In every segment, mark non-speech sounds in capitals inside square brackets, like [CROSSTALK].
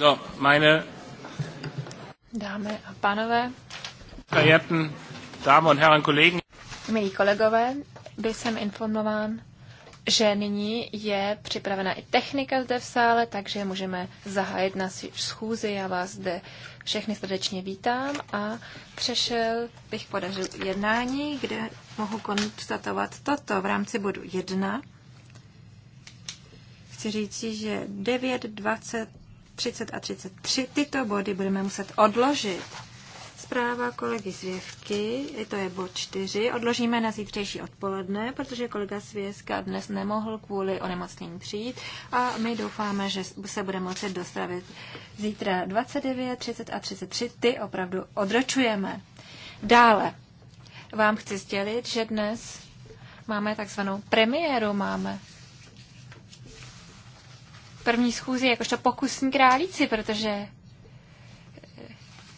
So, meine Dámy a pánové, verehrten Damen und Herren Kollegen, milí kolegové, byl jsem informován, že nyní je připravena i technika zde v sále, takže můžeme zahájit na schůzi. Já vás zde všechny srdečně vítám a přešel bych podařil jednání, kde mohu konstatovat toto v rámci bodu 1 chci říci, že 9.20 30 a 33. Tyto body budeme muset odložit. Zpráva kolegy Svěvky, to je bod 4, odložíme na zítřejší odpoledne, protože kolega Svěvka dnes nemohl kvůli onemocnění přijít a my doufáme, že se bude moci dostavit zítra 29, 30 a 33. Ty opravdu odročujeme. Dále vám chci sdělit, že dnes máme takzvanou premiéru, máme první schůzi jakožto pokusní králíci, protože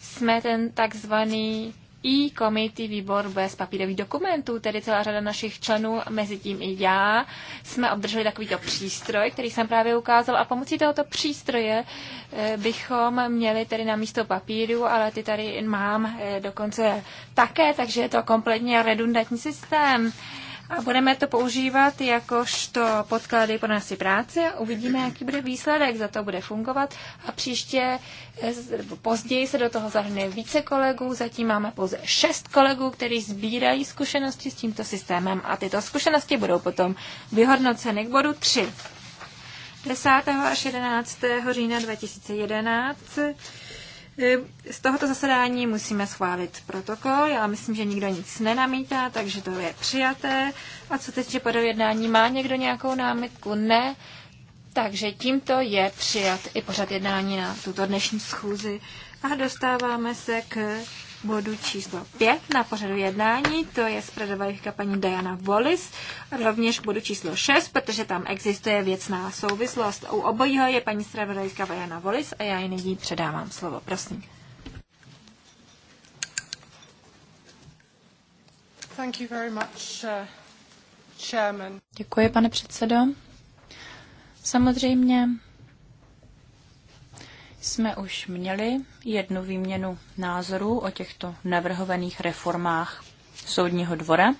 jsme ten takzvaný i komitý výbor bez papírových dokumentů, tedy celá řada našich členů, mezi tím i já, jsme obdrželi takovýto přístroj, který jsem právě ukázal a pomocí tohoto přístroje eh, bychom měli tedy na místo papíru, ale ty tady mám eh, dokonce také, takže je to kompletně redundantní systém a budeme to používat jakožto podklady pro naši práci a uvidíme, jaký bude výsledek, za to bude fungovat a příště eh, později se do toho zahrne více kolegů, zatím máme pouze šest kolegů, kteří sbírají zkušenosti s tímto systémem a tyto zkušenosti budou potom vyhodnoceny k bodu 3. 10. až 11. října 2011 Eh, z tohoto zasedání musíme schválit protokol. Já myslím, že nikdo nic nenamítá, takže to je přijaté. A co teď, že po jednání má někdo nějakou námitku? Ne. Takže tímto je přijat i pořad jednání na tuto dnešní schůzi. A dostáváme se k bodu číslo 5 na pořadu jednání, to je zpravodajka paní Diana Wallis, rovněž bodu číslo 6, protože tam existuje věcná souvislost. U obojího je paní zpravodajka Diana Wallis a já ji nyní předávám slovo. Prosím. Thank you very much, uh, Děkuji, pane předsedo. Samozřejmě jsme už měli jednu výměnu názorů o těchto navrhovaných reformách Soudního dvora,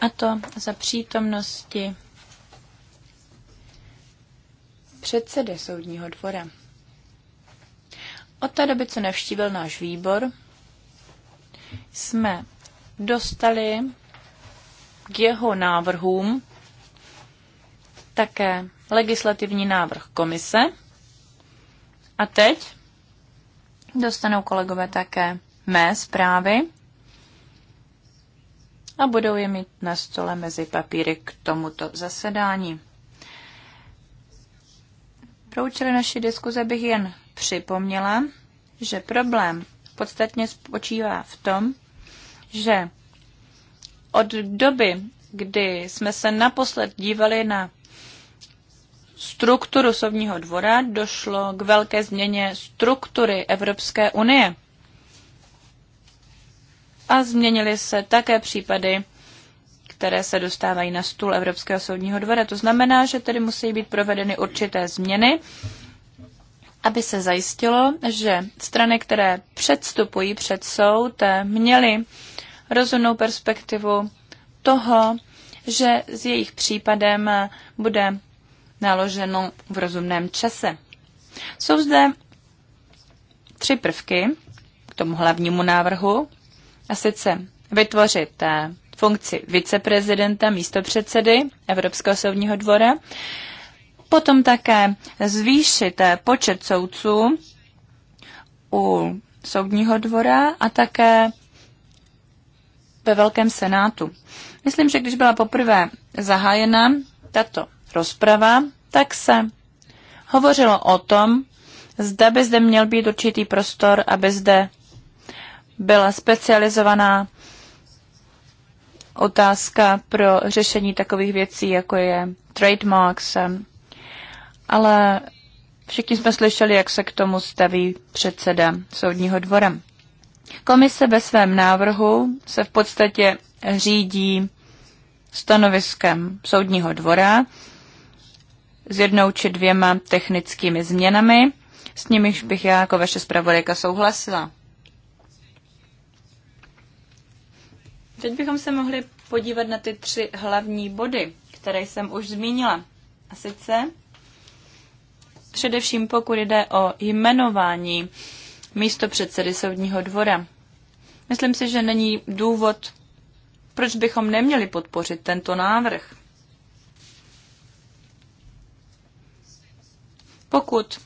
a to za přítomnosti předsedy Soudního dvora. Od té doby, co navštívil náš výbor, jsme dostali k jeho návrhům také legislativní návrh komise, a teď dostanou kolegové také mé zprávy a budou je mít na stole mezi papíry k tomuto zasedání. Pro účely naší diskuze bych jen připomněla, že problém podstatně spočívá v tom, že od doby, kdy jsme se naposled dívali na strukturu Sovního dvora došlo k velké změně struktury Evropské unie. A změnily se také případy, které se dostávají na stůl Evropského soudního dvora. To znamená, že tedy musí být provedeny určité změny, aby se zajistilo, že strany, které předstupují před soud, měly rozumnou perspektivu toho, že s jejich případem bude naloženo v rozumném čase. Jsou zde tři prvky k tomu hlavnímu návrhu, a sice vytvořit eh, funkci viceprezidenta místopředsedy Evropského soudního dvora, potom také zvýšit eh, počet soudců u soudního dvora a také ve Velkém senátu. Myslím, že když byla poprvé zahájena tato rozprava, tak se hovořilo o tom, zda by zde měl být určitý prostor, aby zde byla specializovaná otázka pro řešení takových věcí, jako je trademarks. Ale všichni jsme slyšeli, jak se k tomu staví předseda soudního dvora. Komise ve svém návrhu se v podstatě řídí stanoviskem soudního dvora s jednou či dvěma technickými změnami, s nimiž bych já jako vaše zpravodajka souhlasila. Teď bychom se mohli podívat na ty tři hlavní body, které jsem už zmínila. A sice především pokud jde o jmenování místo předsedy soudního dvora. Myslím si, že není důvod, proč bychom neměli podpořit tento návrh. Pokud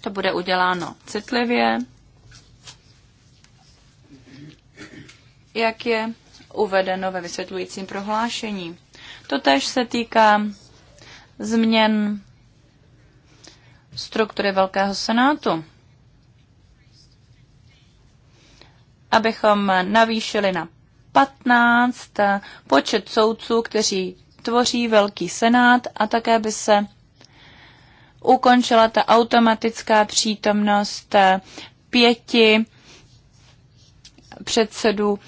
to bude uděláno citlivě, jak je uvedeno ve vysvětlujícím prohlášení. Totež se týká změn struktury Velkého senátu, abychom navýšili na 15 počet soudců, kteří tvoří Velký senát a také by se ukončila ta automatická přítomnost eh, pěti předsedů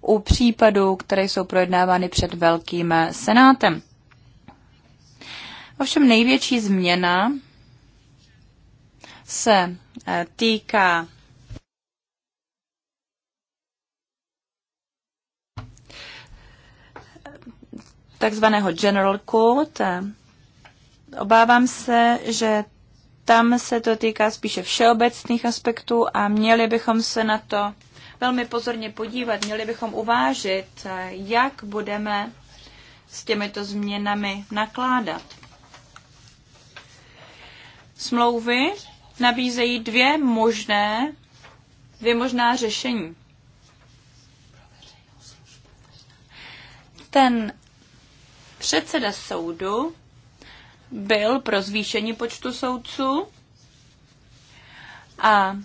u případů, které jsou projednávány před Velkým eh, senátem. Ovšem největší změna se eh, týká takzvaného General Court, Obávám se, že tam se to týká spíše všeobecných aspektů a měli bychom se na to velmi pozorně podívat, měli bychom uvážit, jak budeme s těmito změnami nakládat. Smlouvy nabízejí dvě možné, dvě možná řešení. Ten předseda soudu byl pro zvýšení počtu soudců a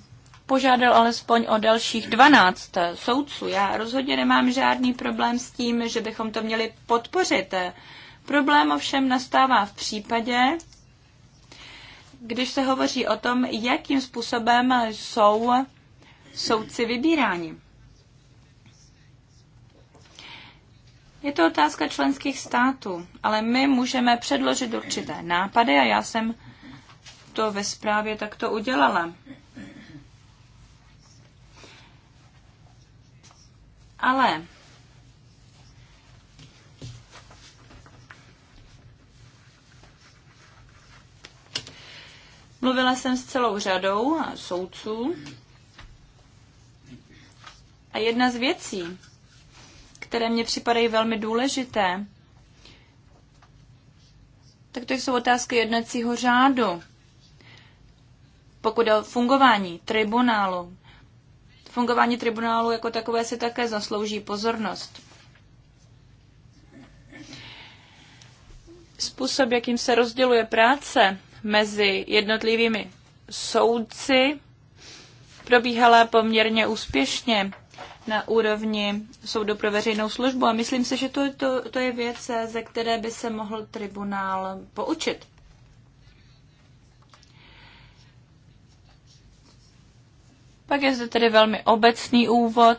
požádal alespoň o dalších 12 soudců. Já rozhodně nemám žádný problém s tím, že bychom to měli podpořit. Problém ovšem nastává v případě, když se hovoří o tom, jakým způsobem jsou soudci vybíráni. Je to otázka členských států, ale my můžeme předložit určité nápady a já jsem to ve zprávě takto udělala. Ale mluvila jsem s celou řadou soudců a jedna z věcí, které mě připadají velmi důležité. Tak to jsou otázky jednacího řádu. Pokud o fungování tribunálu, fungování tribunálu jako takové si také zaslouží pozornost. Způsob, jakým se rozděluje práce mezi jednotlivými soudci, probíhala poměrně úspěšně na úrovni soudu pro veřejnou službu. A myslím si, že to, to, to je věc, ze které by se mohl tribunál poučit. Pak je zde tedy velmi obecný úvod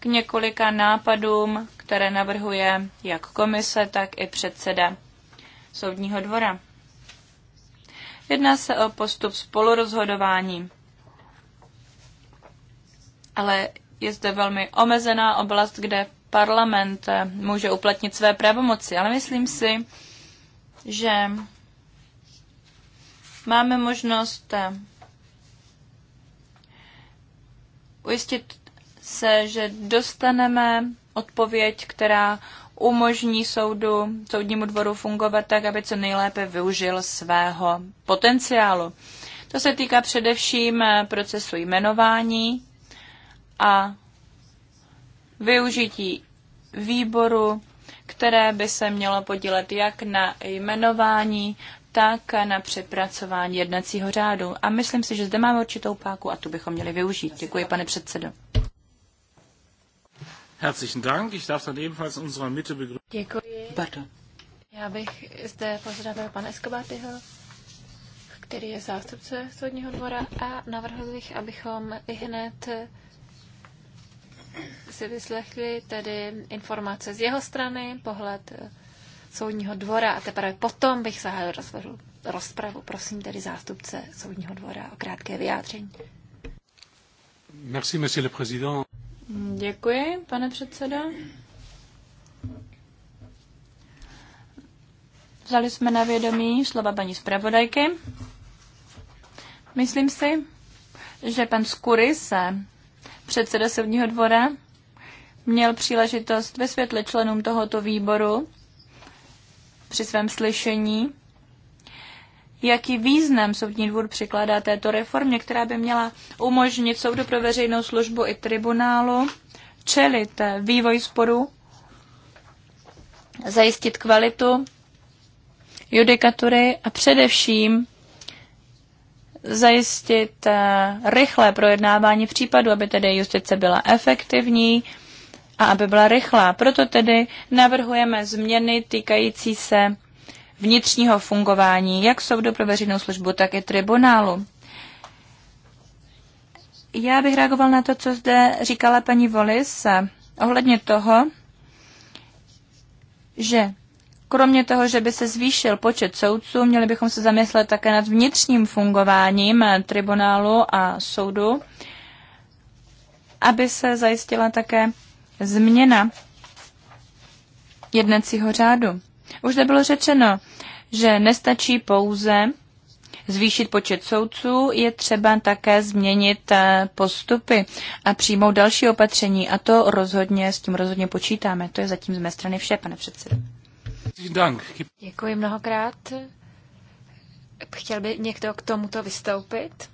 k několika nápadům, které navrhuje jak komise, tak i předseda soudního dvora. Jedná se o postup spolurozhodování ale je zde velmi omezená oblast, kde parlament eh, může uplatnit své pravomoci. Ale myslím si, že máme možnost eh, ujistit se, že dostaneme odpověď, která umožní soudu, soudnímu dvoru fungovat tak, aby co nejlépe využil svého potenciálu. To se týká především eh, procesu jmenování a využití výboru, které by se mělo podílet jak na jmenování, tak na přepracování jednacího řádu. A myslím si, že zde máme určitou páku a tu bychom měli využít. Děkuji, pane předsedo. Herzlichen Dank. Ich darf dann ebenfalls unserer Mitte begrüßen. Děkuji. Já bych zde pozdravil pana Escobatyho, který je zástupce soudního dvora a navrhl bych, abychom i hned si vyslechli tedy informace z jeho strany, pohled eh, soudního dvora a teprve potom bych zahájil rozpravu. Prosím tedy zástupce soudního dvora o krátké vyjádření. Merci, monsieur le président. Děkuji, pane předsedo. Vzali jsme na vědomí slova paní zpravodajky. Myslím si, že pan Skury se předseda soudního dvora měl příležitost vysvětlit členům tohoto výboru při svém slyšení, jaký význam soudní dvůr přikládá této reformě, která by měla umožnit soudu pro veřejnou službu i tribunálu čelit vývoj sporu, zajistit kvalitu judikatury a především zajistit eh, rychlé projednávání případu, aby tedy justice byla efektivní a aby byla rychlá. Proto tedy navrhujeme změny týkající se vnitřního fungování jak soudu pro veřejnou službu, tak i tribunálu. Já bych reagoval na to, co zde říkala paní Volis eh, ohledně toho, že Kromě toho, že by se zvýšil počet soudců, měli bychom se zamyslet také nad vnitřním fungováním eh, tribunálu a soudu, aby se zajistila také změna jednacího řádu. Už zde bylo řečeno, že nestačí pouze zvýšit počet soudců, je třeba také změnit eh, postupy a přijmout další opatření. A to rozhodně, s tím rozhodně počítáme. To je zatím z mé strany vše, pane předsedo. Děkuji mnohokrát. Chtěl by někdo k tomuto vystoupit?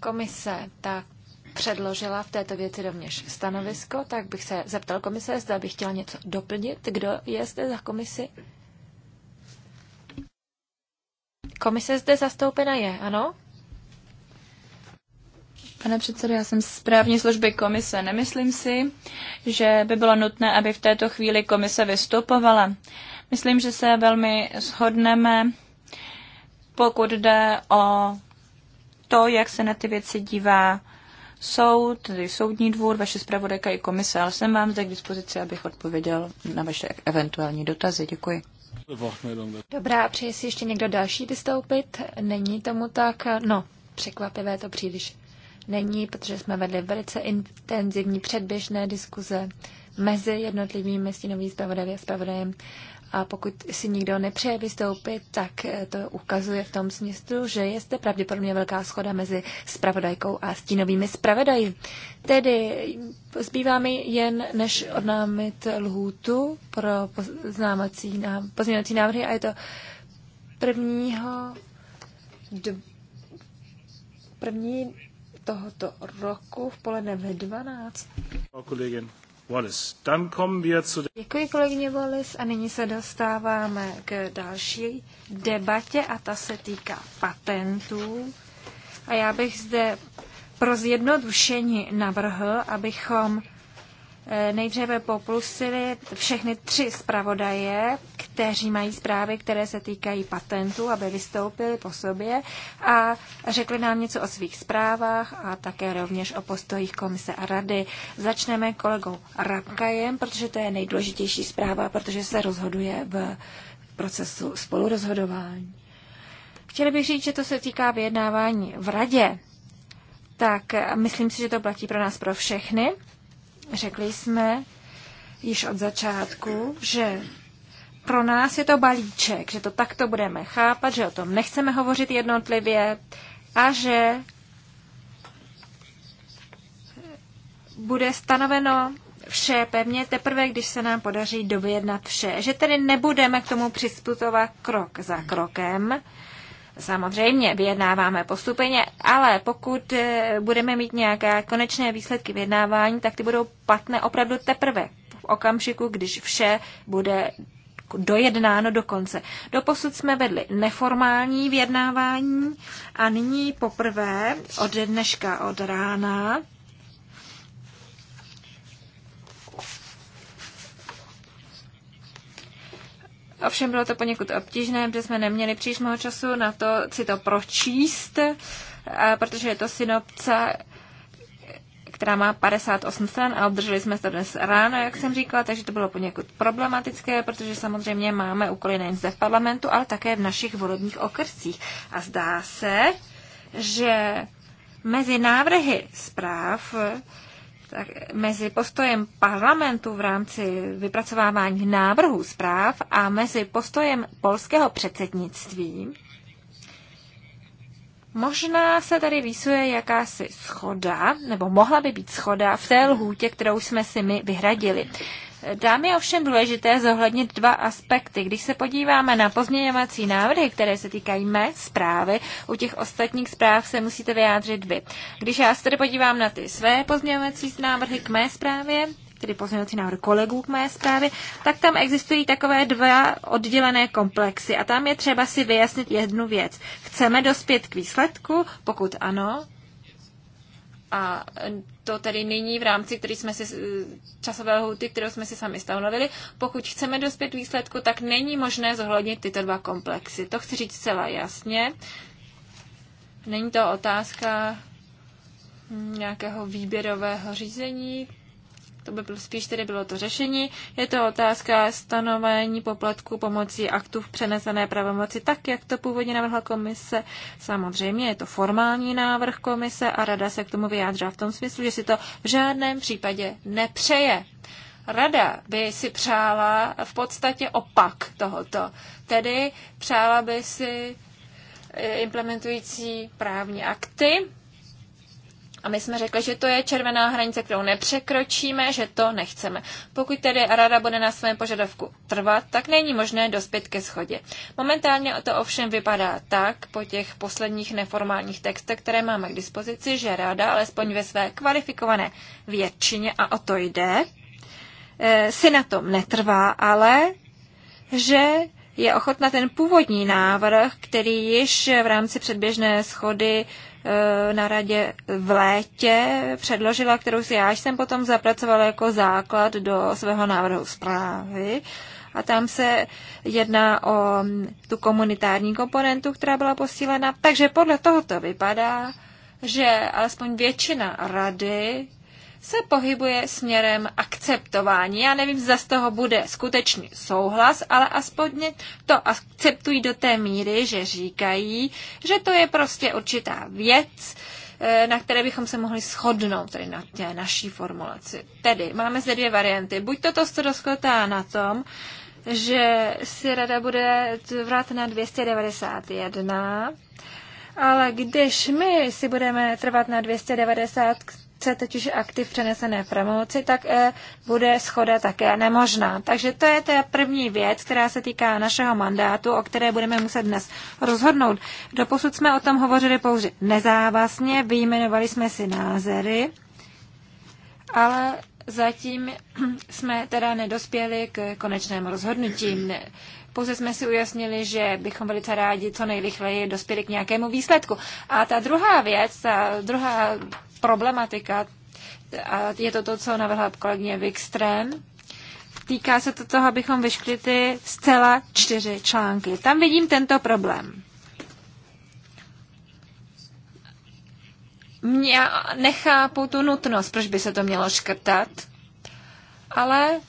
Komise tak předložila v této věci rovněž stanovisko, tak bych se zeptal komise, zda bych chtěla něco doplnit. Kdo je zde za komisi? Komise zde zastoupena je, ano? Pane předsedo, já jsem z právní služby komise. Nemyslím si, že by bylo nutné, aby v této chvíli komise vystupovala. Myslím, že se velmi shodneme, pokud jde o to, jak se na ty věci dívá soud, tedy soudní dvůr, vaše zpravodajka i komise, ale jsem vám zde k dispozici, abych odpověděl na vaše eventuální dotazy. Děkuji. Dobrá, přeje si ještě někdo další vystoupit? Není tomu tak? No, překvapivé to příliš není, protože jsme vedli velice intenzivní předběžné diskuze mezi jednotlivými stínovými zpravodaji a zpravodajem. A pokud si nikdo nepřeje vystoupit, tak eh, to ukazuje v tom smyslu, že je zde pravděpodobně velká schoda mezi zpravodajkou a stínovými spravodaji. Tedy zbývá mi jen, než odnámit lhůtu pro poznámací, pozměňovací návrhy a je to prvního dv... první tohoto roku v poledne ve 12. Děkuji kolegyně Wallis, a nyní se dostáváme k další debatě a ta se týká patentů. A já bych zde pro zjednodušení navrhl, abychom Eh, nejdříve poplusili všechny tři zpravodaje, kteří mají zprávy, které se týkají patentů, aby vystoupili po sobě a řekli nám něco o svých zprávách a také rovněž o postojích komise a rady. Začneme kolegou Rabkajem, protože to je nejdůležitější zpráva, protože se rozhoduje v procesu spolurozhodování. Chtěli bych říct, že to se týká vyjednávání v radě. Tak eh, myslím si, že to platí pro nás pro všechny. Řekli jsme již od začátku, že pro nás je to balíček, že to takto budeme chápat, že o tom nechceme hovořit jednotlivě a že bude stanoveno vše pevně teprve, když se nám podaří dovyjednat vše. Že tedy nebudeme k tomu přistupovat krok za krokem, Samozřejmě vyjednáváme postupně, ale pokud eh, budeme mít nějaké konečné výsledky vyjednávání, tak ty budou platné opravdu teprve v okamžiku, když vše bude dojednáno do konce. Doposud jsme vedli neformální vyjednávání a nyní poprvé od dneška od rána Ovšem bylo to poněkud obtížné, protože jsme neměli příliš mnoho času na to si to pročíst, protože je to synopce která má 58 stran a obdrželi jsme to dnes ráno, jak jsem říkala, takže to bylo poněkud problematické, protože samozřejmě máme úkoly nejen zde v parlamentu, ale také v našich volebních okrscích. A zdá se, že mezi návrhy zpráv tak mezi postojem parlamentu v rámci vypracovávání návrhů zpráv a mezi postojem polského předsednictví Možná se tady výsuje jakási schoda, nebo mohla by být schoda v té lhůtě, kterou jsme si my vyhradili. Dám je ovšem důležité zohlednit dva aspekty. Když se podíváme na pozměňovací návrhy, které se týkají mé zprávy, u těch ostatních zpráv se musíte vyjádřit vy. Když já se tedy podívám na ty své pozměňovací návrhy k mé zprávě, tedy pozměňovací návrh kolegů k mé zprávě, tak tam existují takové dva oddělené komplexy a tam je třeba si vyjasnit jednu věc. Chceme dospět k výsledku? Pokud ano, a to tedy nyní v rámci který jsme si, časové lhuty, kterou jsme si sami stanovili. Pokud chceme dospět výsledku, tak není možné zohlednit tyto dva komplexy. To chci říct celá jasně. Není to otázka nějakého výběrového řízení, to by spíš tedy bylo to řešení. Je to otázka stanovení poplatku pomocí aktů v přenesené pravomoci, tak jak to původně navrhla komise. Samozřejmě je to formální návrh komise a rada se k tomu vyjádřila v tom smyslu, že si to v žádném případě nepřeje. Rada by si přála v podstatě opak tohoto, tedy přála by si eh, implementující právní akty, a my jsme řekli, že to je červená hranice, kterou nepřekročíme, že to nechceme. Pokud tedy Rada bude na svém požadavku trvat, tak není možné dospět ke schodě. Momentálně to ovšem vypadá tak, po těch posledních neformálních textech, které máme k dispozici, že Rada, alespoň ve své kvalifikované většině, a o to jde, eh, si na tom netrvá, ale že je ochotna ten původní návrh, který již v rámci předběžné schody E, na radě v létě předložila, kterou si já jsem potom zapracovala jako základ do svého návrhu zprávy. A tam se jedná o tu komunitární komponentu, která byla posílena. Takže podle toho to vypadá, že alespoň většina rady se pohybuje směrem akceptování. Já nevím, zda z toho bude skutečný souhlas, ale aspoň to akceptují do té míry, že říkají, že to je prostě určitá věc, eh, na které bychom se mohli shodnout, tedy na té naší formulaci. Tedy máme zde dvě varianty. Buď toto se rozkotá na tom, že si rada bude vrát na 291, ale když my si budeme trvat na 290, akce, teď už aktiv přenesené pravomoci, tak eh, bude schoda také nemožná. Takže to je ta první věc, která se týká našeho mandátu, o které budeme muset dnes rozhodnout. Doposud jsme o tom hovořili pouze nezávazně, vyjmenovali jsme si názory, ale zatím [CLEARS THROAT] jsme teda nedospěli k konečnému rozhodnutí. Pouze jsme si ujasnili, že bychom velice rádi co nejrychleji dospěli k nějakému výsledku. A ta druhá věc, ta druhá problematika. A je to to, co navrhla kolegyně Wikström. Týká se to toho, abychom vyškli ty zcela čtyři články. Tam vidím tento problém. Mě nechápu tu nutnost, proč by se to mělo škrtat, ale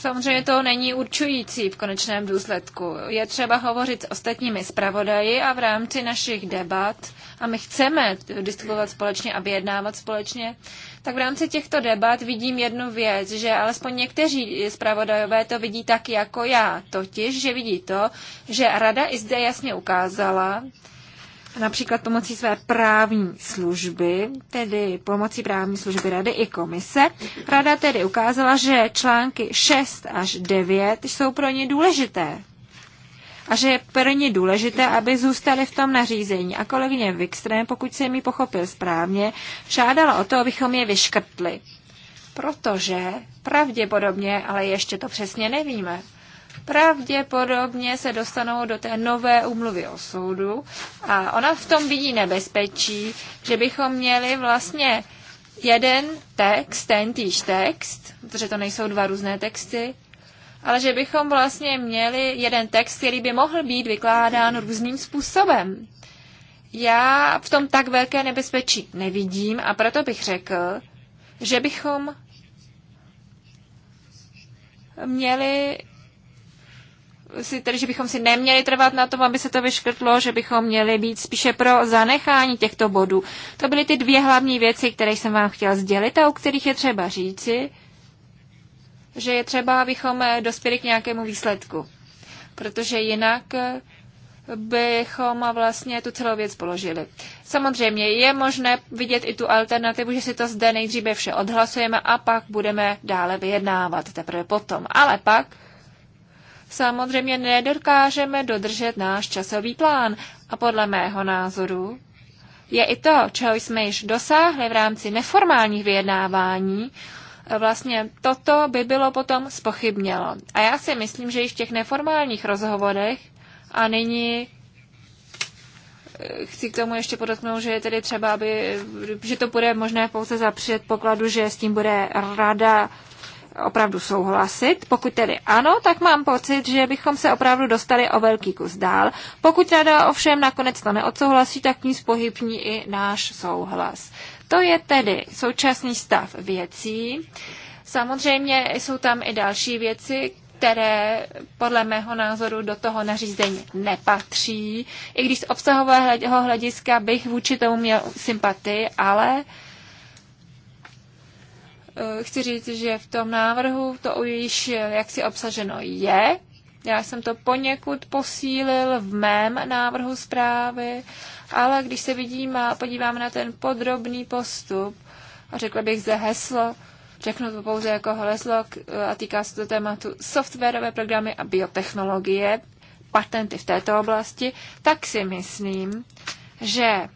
samozřejmě to není určující v konečném důsledku. Je třeba hovořit s ostatními zpravodaji a v rámci našich debat, a my chceme diskutovat společně a vyjednávat společně, tak v rámci těchto debat vidím jednu věc, že alespoň někteří zpravodajové to vidí tak jako já, totiž, že vidí to, že Rada i zde jasně ukázala, například pomocí své právní služby, tedy pomocí právní služby Rady i komise. Rada tedy ukázala, že články 6 až 9 jsou pro ně důležité a že je pro ně důležité, aby zůstali v tom nařízení. A kolegyně Wikström, pokud se mi pochopil správně, žádala o to, abychom je vyškrtli. Protože pravděpodobně, ale ještě to přesně nevíme, pravděpodobně se dostanou do té nové umluvy o soudu a ona v tom vidí nebezpečí, že bychom měli vlastně jeden text, ten týž text, protože to nejsou dva různé texty, ale že bychom vlastně měli jeden text, který by mohl být vykládán různým způsobem. Já v tom tak velké nebezpečí nevidím a proto bych řekl, že bychom měli si tedy, že bychom si neměli trvat na tom, aby se to vyškrtlo, že bychom měli být spíše pro zanechání těchto bodů. To byly ty dvě hlavní věci, které jsem vám chtěla sdělit a o kterých je třeba říci, že je třeba, abychom eh, dospěli k nějakému výsledku. Protože jinak eh, bychom vlastně tu celou věc položili. Samozřejmě je možné vidět i tu alternativu, že si to zde nejdříve vše odhlasujeme a pak budeme dále vyjednávat teprve potom. Ale pak samozřejmě nedokážeme dodržet náš časový plán. A podle mého názoru je i to, čeho jsme již dosáhli v rámci neformálních vyjednávání, vlastně toto by bylo potom spochybnělo. A já si myslím, že i v těch neformálních rozhovorech a nyní eh, chci k tomu ještě podotknout, že je tedy třeba, aby, že to bude možné pouze za předpokladu, že s tím bude rada opravdu souhlasit. Pokud tedy ano, tak mám pocit, že bychom se opravdu dostali o velký kus dál. Pokud rada ovšem nakonec to neodsouhlasí, tak ní spohybní i náš souhlas. To je tedy současný stav věcí. Samozřejmě jsou tam i další věci, které podle mého názoru do toho nařízení nepatří. I když z obsahového hlediska bych vůči tomu měl sympatii, ale uh, Eh, chci říct, že v tom návrhu to již eh, jaksi obsaženo je. Já jsem to poněkud posílil v mém návrhu zprávy, ale když se vidím a podívám na ten podrobný postup, a řekla bych ze heslo, řeknu to pouze jako heslo eh, a týká se to tématu softwarové programy a biotechnologie, patenty v této oblasti, tak si myslím, že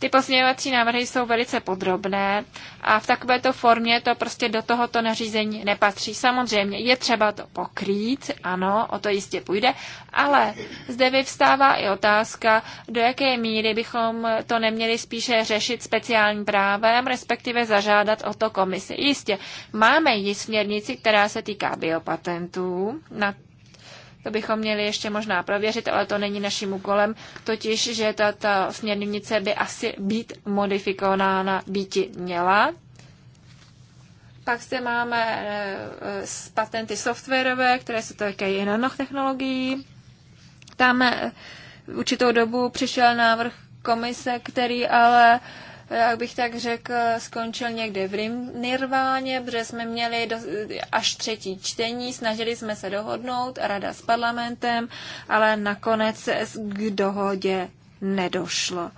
ty pozměňovací návrhy jsou velice podrobné a v takovéto formě to prostě do tohoto nařízení nepatří. Samozřejmě je třeba to pokrýt, ano, o to jistě půjde, ale zde vyvstává i otázka, do jaké míry bychom to neměli spíše řešit speciálním právem, respektive zažádat o to komisi. Jistě, máme ji směrnici, která se týká biopatentů, na to bychom měli ještě možná prověřit, ale to není naším úkolem, totiž, že tato směrnice by asi být modifikována býti měla. Pak zde máme z e, e, patenty softwarové, které se týkají nanotechnologií. Tam e, určitou dobu přišel návrh komise, který ale uh, jak bych tak řekl, skončil někde v Nirváně, protože jsme měli do, až třetí čtení, snažili jsme se dohodnout, rada s parlamentem, ale nakonec se k dohodě nedošlo.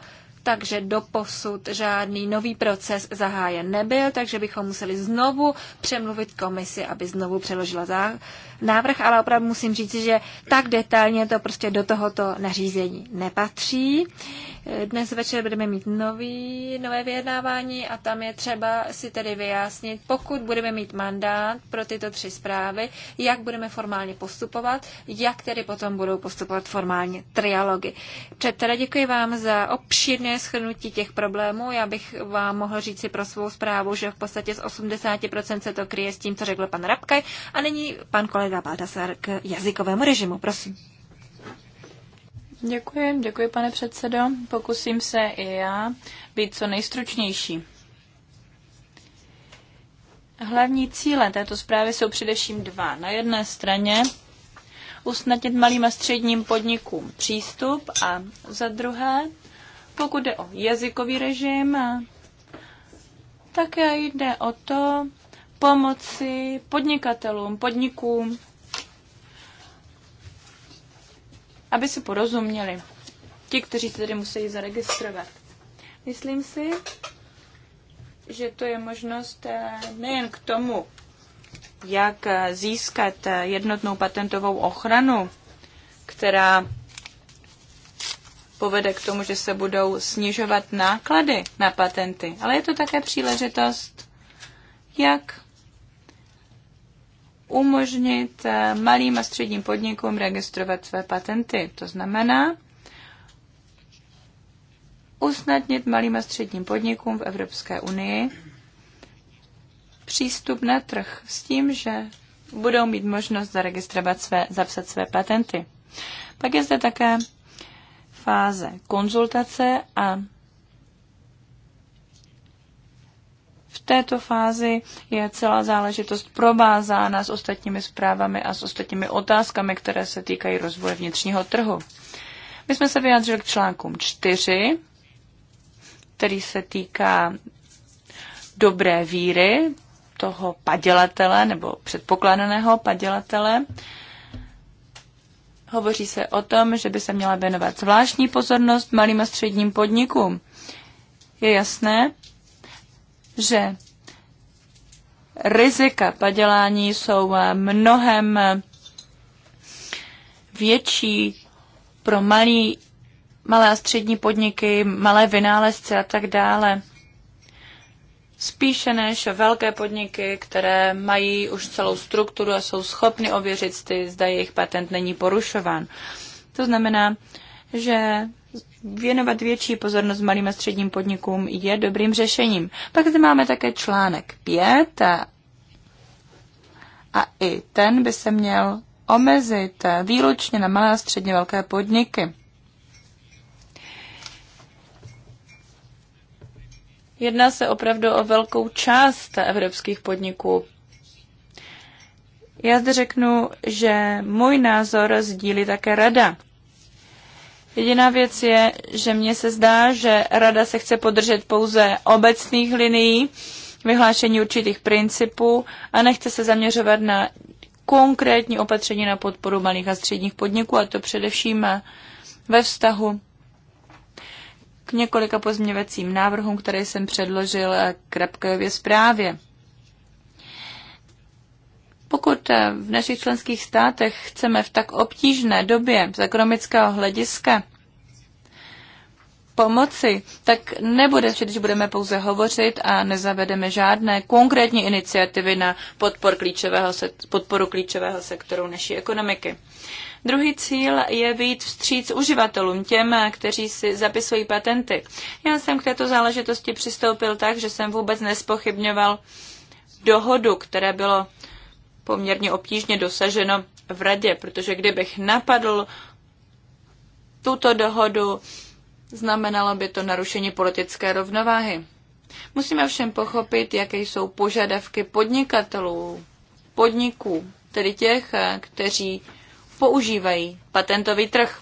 Takže do posud žádný nový proces zahájen nebyl, takže bychom museli znovu přemluvit komisi, aby znovu přeložila zá... návrh, ale opravdu musím říct, že tak detailně to prostě do tohoto nařízení nepatří. Uh, dnes večer budeme mít nový, nové vyjednávání a tam je třeba si tedy vyjasnit, pokud budeme mít mandát pro tyto tři zprávy, jak budeme formálně postupovat, jak tedy potom budou postupovat formálně trialogy. teda děkuji vám za obšírné schrnutí těch problémů. Já bych vám mohl říct si pro svou zprávu, že v podstatě z 80% se to kryje s tím, co řekl pan Rabkaj a nyní pan kolega Baldasar k jazykovému režimu. Prosím. Děkuji, děkuji pane předsedo. Pokusím se i já být co nejstručnější. Hlavní cíle této zprávy jsou především dva. Na jedné straně usnadnit malým a středním podnikům přístup a za druhé, pokud jde o jazykový režim, také jde o to pomoci podnikatelům, podnikům aby si porozuměli ti, kteří se tedy musí zaregistrovat. Myslím si, že to je možnost eh, nejen k tomu, jak eh, získat eh, jednotnou patentovou ochranu, která povede k tomu, že se budou snižovat náklady na patenty, ale je to také příležitost, jak umožnit eh, malým a středním podnikům registrovat své patenty. To znamená usnadnit malým a středním podnikům v Evropské unii přístup na trh s tím, že budou mít možnost zaregistrovat své, zapsat své patenty. Pak je zde také fáze konzultace a této fázi je celá záležitost provázána s ostatními zprávami a s ostatními otázkami, které se týkají rozvoje vnitřního trhu. My jsme se vyjádřili k článkům 4, který se týká dobré víry toho padělatele nebo předpokládaného padělatele. Hovoří se o tom, že by se měla věnovat zvláštní pozornost malým a středním podnikům. Je jasné, že rizika padělání jsou eh, mnohem eh, větší pro malý, malé a střední podniky, malé vynálezce a tak dále. Spíše než velké podniky, které mají už celou strukturu a jsou schopny ověřit, zda jejich patent není porušován. To znamená, že věnovat větší pozornost malým a středním podnikům je dobrým řešením. Pak zde máme také článek 5 a i ten by se měl omezit výlučně na malé a středně velké podniky. Jedná se opravdu o velkou část evropských podniků. Já zde řeknu, že můj názor sdílí také rada. Jediná věc je, že mně se zdá, že rada se chce podržet pouze obecných linií, vyhlášení určitých principů a nechce se zaměřovat na konkrétní opatření na podporu malých a středních podniků, a to především ve vztahu k několika pozměňovacím návrhům, které jsem předložil k Rabkojevě zprávě. Pokud eh, v našich členských státech chceme v tak obtížné době z ekonomického hlediska pomoci, tak nebude, vše, když budeme pouze hovořit a nezavedeme žádné konkrétní iniciativy na podpor klíčového, podporu klíčového sektoru naší ekonomiky. Druhý cíl je být vstříc uživatelům, těm, eh, kteří si zapisují patenty. Já jsem k této záležitosti přistoupil tak, že jsem vůbec nespochybňoval dohodu, které bylo poměrně obtížně dosaženo v radě, protože kdybych napadl tuto dohodu, znamenalo by to narušení politické rovnováhy. Musíme všem pochopit, jaké jsou požadavky podnikatelů, podniků, tedy těch, eh, kteří používají patentový trh.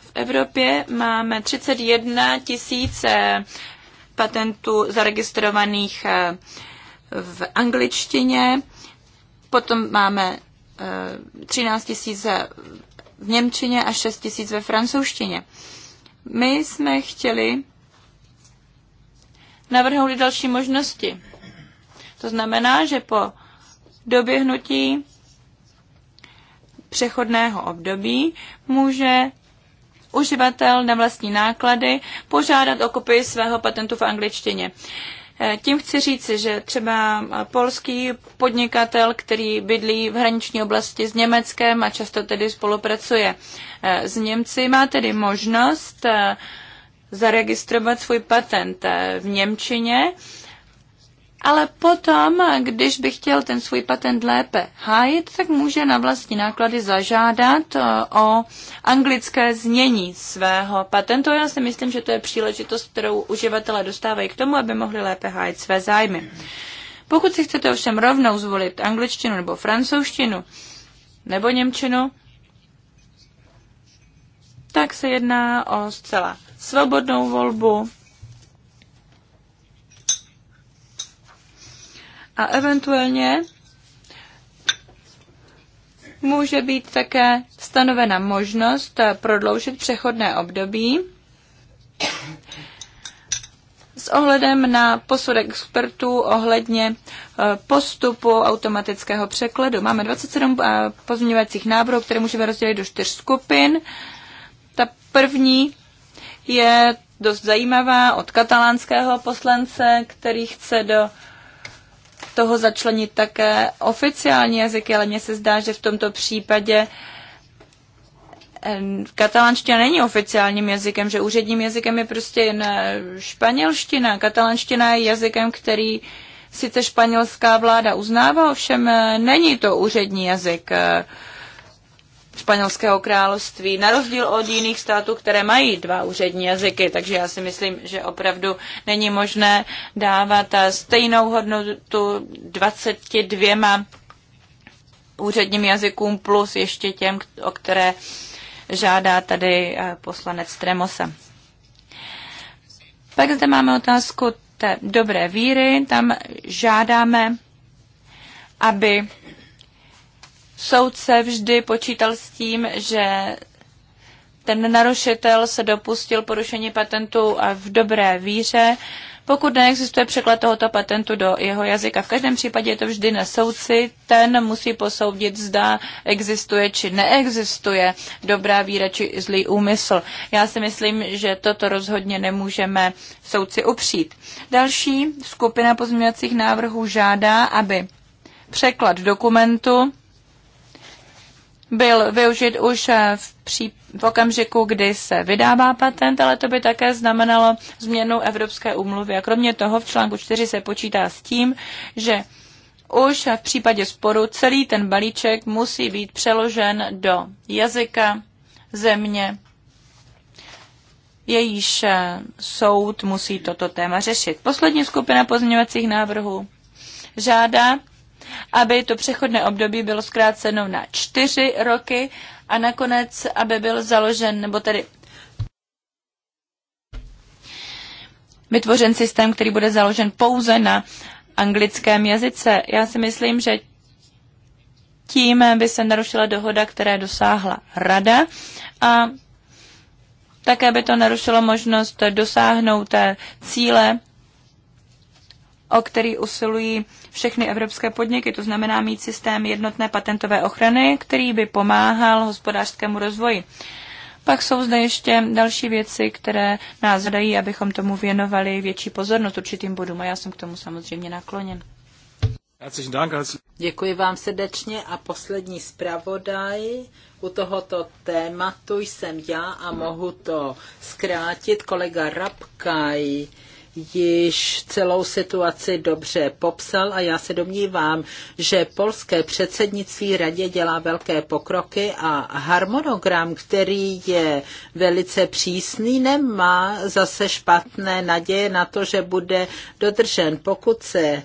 V Evropě máme 31 tisíc patentů zaregistrovaných eh, v angličtině, potom máme 13 eh, tisíce v Němčině a 6 tisíc ve francouzštině. My jsme chtěli navrhnout další možnosti. To znamená, že po doběhnutí přechodného období může uživatel na vlastní náklady požádat o kopii svého patentu v angličtině. Eh, tím chci říci, že třeba eh, polský podnikatel, který bydlí v hraniční oblasti s Německem a často tedy spolupracuje eh, s Němci, má tedy možnost zaregistrovat svůj patent v Němčině ale potom, když by chtěl ten svůj patent lépe hájit, tak může na vlastní náklady zažádat eh, o anglické znění svého patentu. Já si myslím, že to je příležitost, kterou uživatelé dostávají k tomu, aby mohli lépe hájit své zájmy. Pokud si chcete ovšem rovnou zvolit angličtinu nebo francouzštinu nebo němčinu, tak se jedná o zcela svobodnou volbu a eventuálně může být také stanovena možnost prodloužit přechodné období s ohledem na posudek expertů ohledně eh, postupu automatického překladu. Máme 27 eh, pozměňovacích návrhů, které můžeme rozdělit do čtyř skupin. Ta první je dost zajímavá od katalánského poslance, který chce do toho začlenit také oficiální jazyky, ale mně se zdá, že v tomto případě eh, katalánština není oficiálním jazykem, že úředním jazykem je prostě jen eh, španělština. Katalánština je jazykem, který sice španělská vláda uznává, ovšem eh, není to úřední jazyk španělského království, na rozdíl od jiných států, které mají dva úřední jazyky, takže já si myslím, že opravdu není možné dávat stejnou hodnotu 22 úředním jazykům plus ještě těm, o které žádá tady eh, poslanec Tremosa. Pak zde máme otázku té dobré víry. Tam žádáme, aby soudce vždy počítal s tím, že ten narušitel se dopustil porušení patentu v dobré víře, pokud neexistuje překlad tohoto patentu do jeho jazyka. V každém případě je to vždy na soudci, ten musí posoudit, zda existuje či neexistuje dobrá víra či zlý úmysl. Já si myslím, že toto rozhodně nemůžeme soudci upřít. Další skupina pozměňovacích návrhů žádá, aby překlad dokumentu byl využit už eh, v, pří, v okamžiku, kdy se vydává patent, ale to by také znamenalo změnu Evropské úmluvy. A kromě toho v článku 4 se počítá s tím, že už v případě sporu celý ten balíček musí být přeložen do jazyka země, jejíž eh, soud musí toto téma řešit. Poslední skupina pozměňovacích návrhů žádá aby to přechodné období bylo zkráceno na čtyři roky a nakonec, aby byl založen, nebo tedy vytvořen systém, který bude založen pouze na anglickém jazyce. Já si myslím, že tím by se narušila dohoda, které dosáhla rada a také by to narušilo možnost dosáhnout té cíle o který usilují všechny evropské podniky, to znamená mít systém jednotné patentové ochrany, který by pomáhal hospodářskému rozvoji. Pak jsou zde ještě další věci, které nás dají, abychom tomu věnovali větší pozornost určitým bodům a já jsem k tomu samozřejmě nakloněn. Děkuji vám srdečně a poslední zpravodaj u tohoto tématu jsem já a mohu to zkrátit. Kolega Rabkaj již celou situaci dobře popsal a já se domnívám, že polské předsednictví radě dělá velké pokroky a harmonogram, který je velice přísný, nemá zase špatné naděje na to, že bude dodržen. Pokud se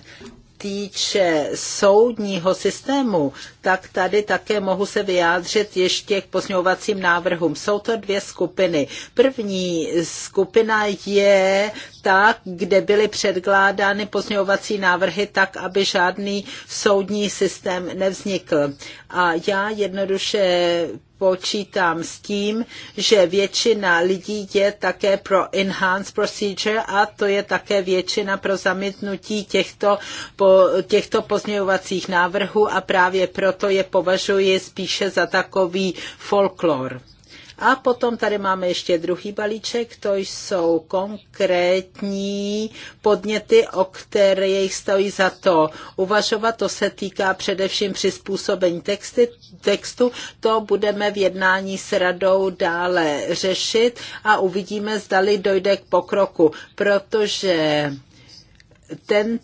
týče soudního systému, tak tady také mohu se vyjádřit ještě k pozňovacím návrhům. Jsou to dvě skupiny. První skupina je ta, kde byly předkládány pozňovací návrhy tak, aby žádný soudní systém nevznikl. A já jednoduše počítám s tím, že většina lidí je také pro enhanced procedure a to je také většina pro zamítnutí těchto, po, těchto pozměňovacích návrhů a právě proto je považuji spíše za takový folklor. A potom tady máme ještě druhý balíček, to jsou konkrétní podněty, o kterých stojí za to uvažovat. To se týká především přizpůsobení texty, textu. To budeme v jednání s radou dále řešit a uvidíme, zdali dojde k pokroku, protože ten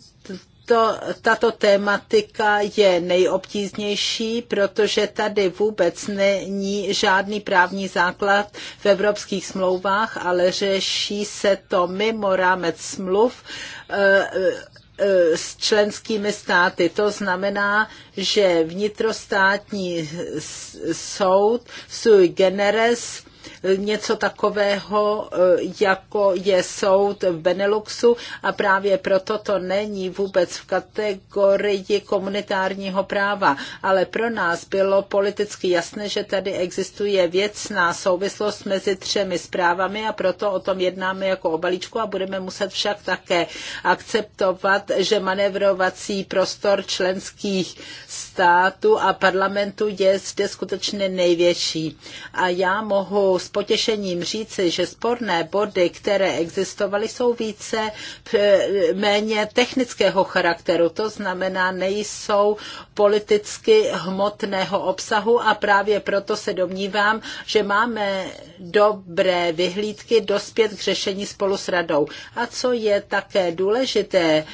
to, tato tématika je nejobtížnější, protože tady vůbec není žádný právní základ v evropských smlouvách, ale řeší se to mimo rámec smluv eh, eh, s členskými státy. To znamená, že vnitrostátní soud sui generis něco takového, eh, jako je soud v Beneluxu a právě proto to není vůbec v kategorii komunitárního práva. Ale pro nás bylo politicky jasné, že tady existuje věcná souvislost mezi třemi zprávami a proto o tom jednáme jako o balíčku a budeme muset však také akceptovat, že manevrovací prostor členských států a parlamentu je zde skutečně největší. A já mohu s potěšením říci, že sporné body, které existovaly, jsou více eh, méně technického charakteru. To znamená, nejsou politicky hmotného obsahu a právě proto se domnívám, že máme dobré vyhlídky dospět k řešení spolu s radou. A co je také důležité,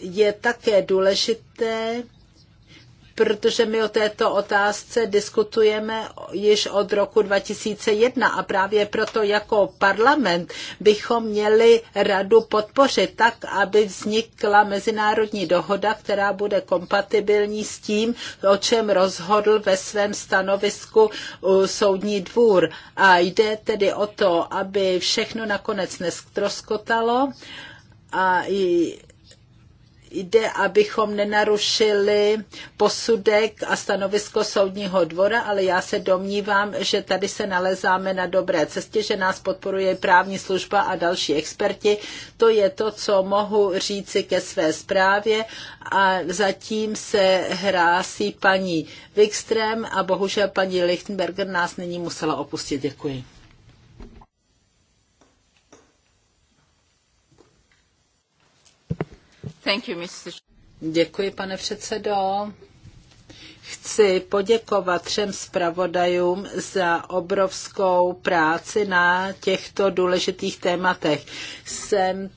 je také důležité, protože my o této otázce diskutujeme již od roku 2001 a právě proto jako parlament bychom měli radu podpořit tak, aby vznikla mezinárodní dohoda, která bude kompatibilní s tím, o čem rozhodl ve svém stanovisku soudní dvůr. A jde tedy o to, aby všechno nakonec nestroskotalo a i jde, abychom nenarušili posudek a stanovisko soudního dvora, ale já se domnívám, že tady se nalezáme na dobré cestě, že nás podporuje právní služba a další experti. To je to, co mohu říci ke své zprávě a zatím se hrásí paní Wikström a bohužel paní Lichtenberger nás nyní musela opustit. Děkuji. Děkuji, pane předsedo. Chci poděkovat třem zpravodajům za obrovskou práci na těchto důležitých tématech. Jsem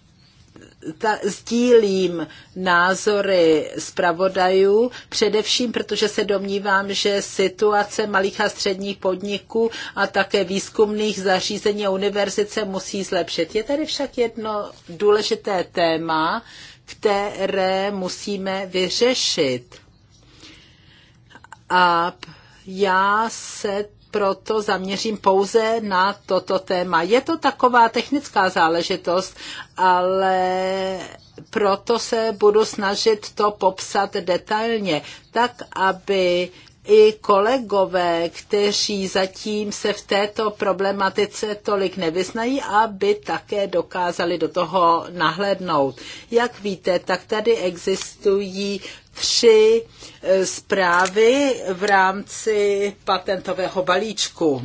ta, sdílím názory zpravodajů, především protože se domnívám, že situace malých a středních podniků a také výzkumných zařízení a univerzit se musí zlepšit. Je tady však jedno důležité téma, které musíme vyřešit. A já se proto zaměřím pouze na toto téma. Je to taková technická záležitost, ale proto se budu snažit to popsat detailně, tak aby i kolegové, kteří zatím se v této problematice tolik nevyznají, aby také dokázali do toho nahlédnout. Jak víte, tak tady existují tři e, zprávy v rámci patentového balíčku.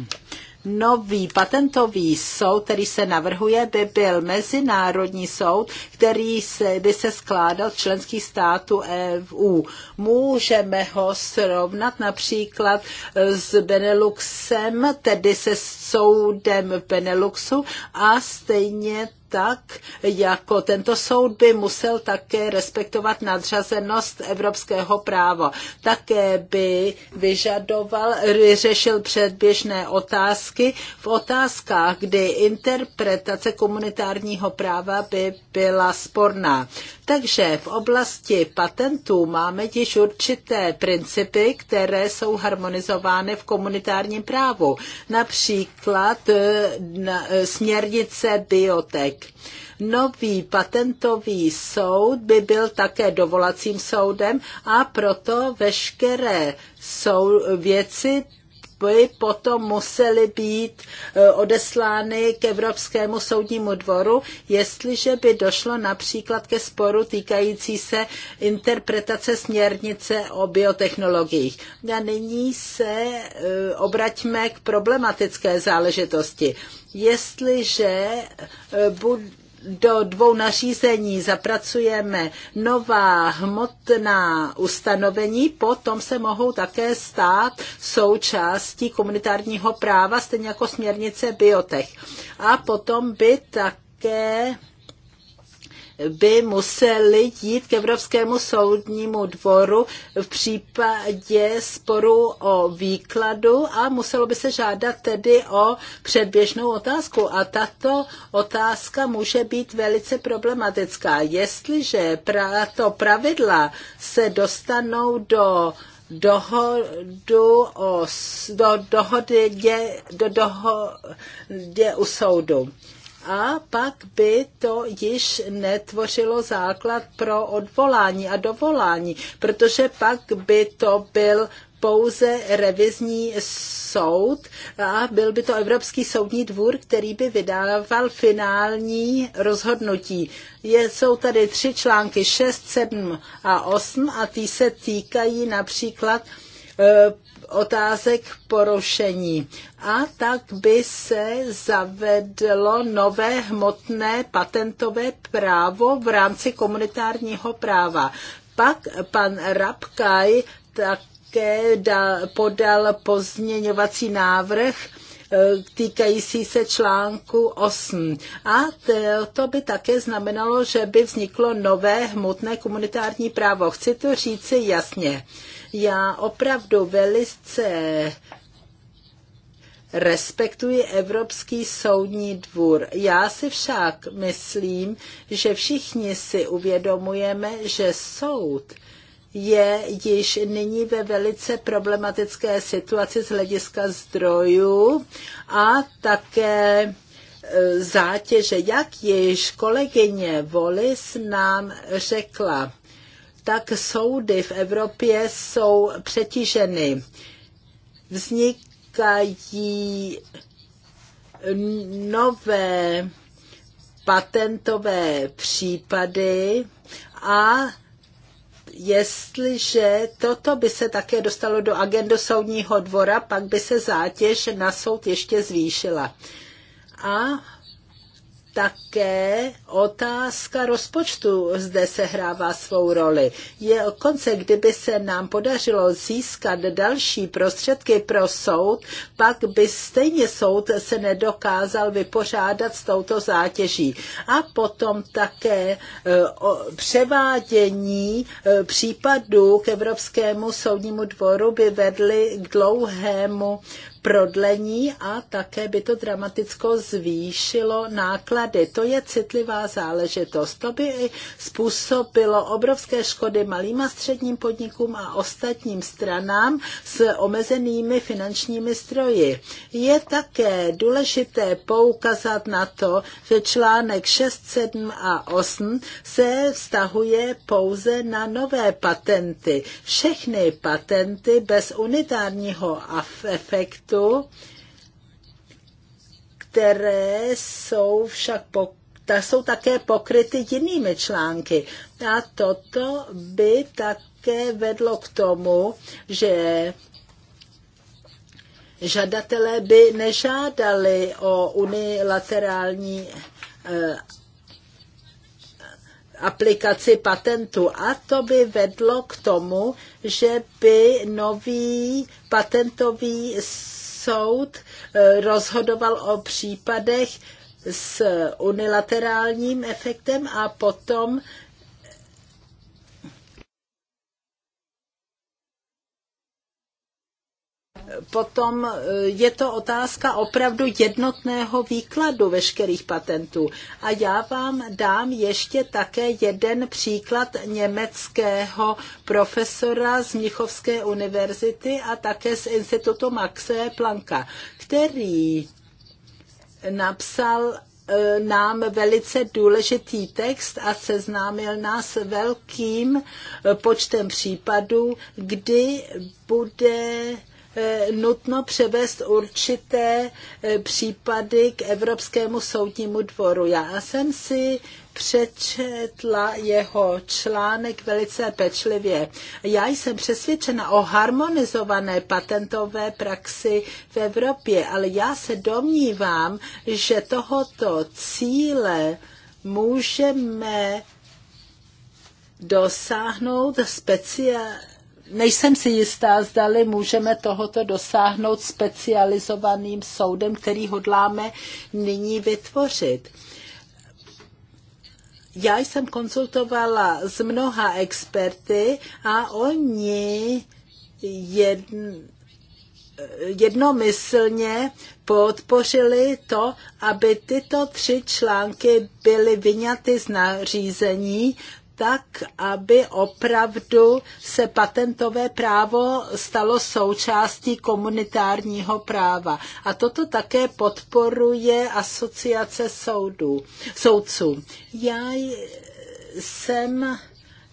Nový patentový soud, který se navrhuje, by byl mezinárodní soud, který se, by se skládal členských států EU. Můžeme ho srovnat například s Beneluxem, tedy se soudem v Beneluxu a stejně tak jako tento soud by musel také respektovat nadřazenost evropského práva. Také by vyžadoval, řešil předběžné otázky v otázkách, kdy interpretace komunitárního práva by byla sporná. Takže v oblasti patentů máme již určité principy, které jsou harmonizovány v komunitárním právu. Například eh, eh, směrnice biotek soud. Nový patentový soud by byl také dovolacím soudem a proto veškeré sou, věci by potom musely být e, odeslány k Evropskému soudnímu dvoru, jestliže by došlo například ke sporu týkající se interpretace směrnice o biotechnologiích. A nyní se e, obraťme k problematické záležitosti. Jestliže e, do dvou nařízení zapracujeme nová hmotná ustanovení, potom se mohou také stát součástí komunitárního práva, stejně jako směrnice biotech. A potom by také by museli jít k Evropskému soudnímu dvoru v případě sporu o výkladu a muselo by se žádat tedy o předběžnou otázku. A tato otázka může být velice problematická. Jestliže pra, to pravidla se dostanou do dohodu o, do, dohodě, do dohody u soudu a pak by to již netvořilo základ pro odvolání a dovolání, protože pak by to byl pouze revizní soud a byl by to Evropský soudní dvůr, který by vydával finální rozhodnutí. Je, jsou tady tři články 6, 7 a 8 a ty se týkají například E, otázek porušení. A tak by se zavedlo nové hmotné patentové právo v rámci komunitárního práva. Pak pan Rabkaj také podal pozměňovací návrh, e, týkající se článku 8. A to by také znamenalo, že by vzniklo nové hmotné komunitární právo. Chci to říci jasně. Já opravdu velice respektuji Evropský soudní dvůr. Já si však myslím, že všichni si uvědomujeme, že soud je již nyní ve velice problematické situaci z hlediska zdrojů a také e, zátěže, jak již kolegyně Volis nám řekla tak soudy v Evropě jsou přetíženy. Vznikají nové patentové případy a jestliže toto by se také dostalo do agendu soudního dvora, pak by se zátěž na soud ještě zvýšila. A také otázka rozpočtu zde sehrává svou roli. Je konce, kdyby se nám podařilo získat další prostředky pro soud, pak by stejně soud se nedokázal vypořádat s touto zátěží. A potom také e, převádění e, případů k Evropskému soudnímu dvoru by vedly k dlouhému prodlení a také by to dramaticko zvýšilo náklady. To je citlivá záležitost. To by i způsobilo obrovské škody malým a středním podnikům a ostatním stranám s omezenými finančními stroji. Je také důležité poukazat na to, že článek 6, 7 a 8 se vztahuje pouze na nové patenty. Všechny patenty bez unitárního efektu tématu, které jsou však po, ta jsou také pokryty jinými články. A toto by také vedlo k tomu, že žadatelé by nežádali o unilaterální eh, aplikaci patentu. A to by vedlo k tomu, že by nový patentový soud eh, rozhodoval o případech s unilaterálním efektem a potom potom eh, je to otázka opravdu jednotného výkladu veškerých patentů. A já vám dám ještě také jeden příklad německého profesora z Mnichovské univerzity a také z institutu Maxe Planka, který napsal eh, nám velice důležitý text a seznámil nás s velkým eh, počtem případů, kdy bude E, nutno převést určité e, případy k Evropskému soudnímu dvoru. Já jsem si přečetla jeho článek velice pečlivě. Já jsem přesvědčena o harmonizované patentové praxi v Evropě, ale já se domnívám, že tohoto cíle můžeme dosáhnout speciálně nejsem si jistá, zdali můžeme tohoto dosáhnout specializovaným soudem, který hodláme nyní vytvořit. Já jsem konzultovala s mnoha experty a oni jedn, jednomyslně podpořili to, aby tyto tři články byly vyňaty z nařízení, tak, aby opravdu se patentové právo stalo součástí komunitárního práva. A toto také podporuje asociace soudů, soudců. Já jsem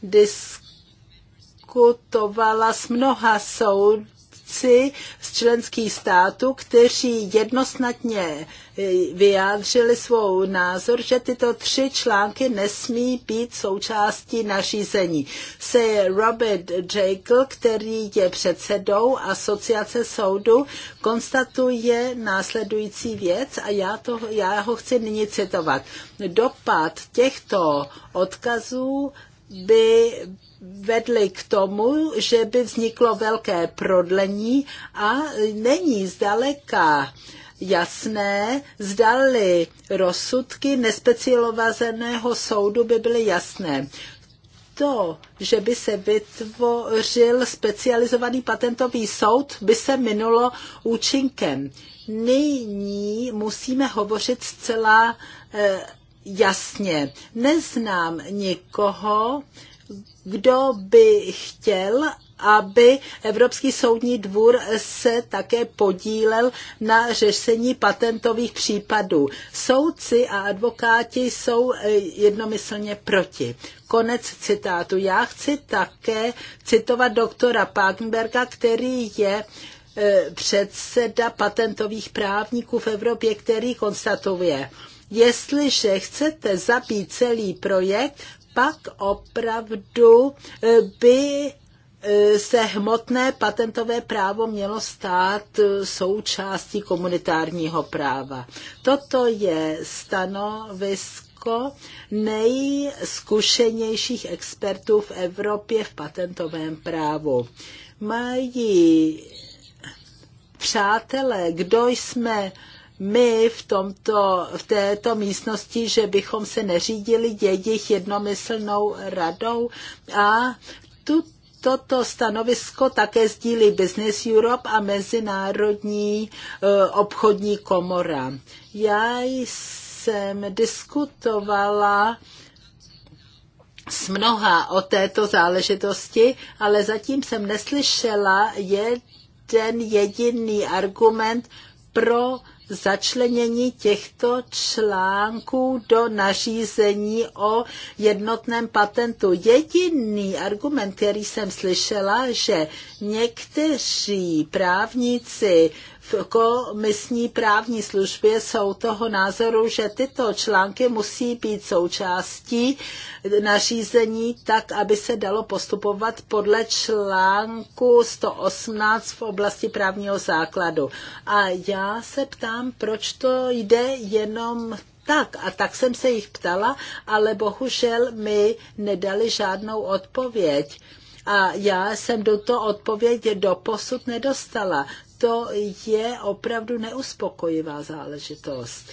diskutovala s mnoha soudů, vůdci z členských států, kteří jednosnatně eh, vyjádřili svou názor, že tyto tři články nesmí být součástí nařízení. Se Robert Jekyll, který je předsedou asociace soudu, konstatuje následující věc a já, to, já ho chci nyní citovat. Dopad těchto odkazů by vedly k tomu, že by vzniklo velké prodlení a není zdaleka jasné, zdali rozsudky nespecializovaného soudu by byly jasné to, že by se vytvořil specializovaný patentový soud, by se minulo účinkem. Nyní musíme hovořit zcela eh, jasně. Neznám nikoho, kdo by chtěl, aby Evropský soudní dvůr se také podílel na řešení patentových případů. Soudci a advokáti jsou eh, jednomyslně proti. Konec citátu. Já chci také citovat doktora Pagenberga, který je eh, předseda patentových právníků v Evropě, který konstatuje, jestliže chcete zabít celý projekt, pak opravdu eh, by eh, se hmotné patentové právo mělo stát eh, součástí komunitárního práva. Toto je stanovisko nejzkušenějších expertů v Evropě v patentovém právu. Mají přátelé, kdo jsme my v, tomto, v této místnosti, že bychom se neřídili jejich jednomyslnou radou a tu, toto stanovisko také sdílí Business Europe a Mezinárodní e, obchodní komora. Já jsem diskutovala s mnoha o této záležitosti, ale zatím jsem neslyšela jeden jediný argument pro začlenění těchto článků do nařízení o jednotném patentu. Jediný argument, který jsem slyšela, že někteří právníci v komisní právní službě jsou toho názoru, že tyto články musí být součástí nařízení tak, aby se dalo postupovat podle článku 118 v oblasti právního základu. A já se ptám, proč to jde jenom tak. A tak jsem se jich ptala, ale bohužel mi nedali žádnou odpověď a já jsem do to odpověď do posud nedostala to je opravdu neuspokojivá záležitost.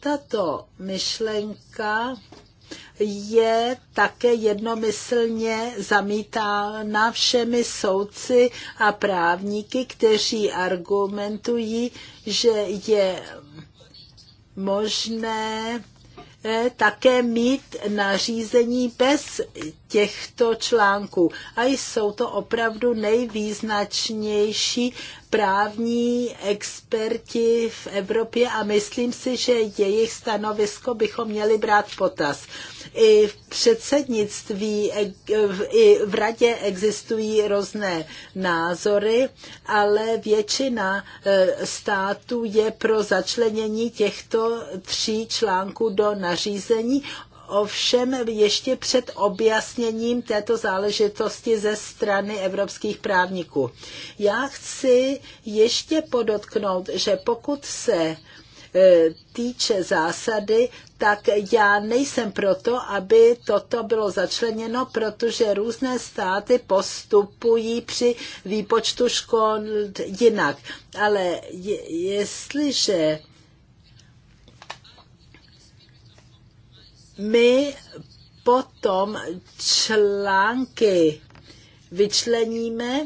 Tato myšlenka je také jednomyslně zamítána všemi soudci a právníky, kteří argumentují, že je možné E, také mít nařízení bez těchto článků. A jsou to opravdu nejvýznačnější právní experti v Evropě a myslím si, že jejich stanovisko bychom měli brát v potaz. I v předsednictví, i v radě existují různé názory, ale většina e, států je pro začlenění těchto tří článků do nařízení ovšem ještě před objasněním této záležitosti ze strany evropských právníků. Já chci ještě podotknout, že pokud se E, týče zásady, tak já nejsem proto, aby toto bylo začleněno, protože různé státy postupují při výpočtu škod jinak. Ale je, jestliže my potom články vyčleníme,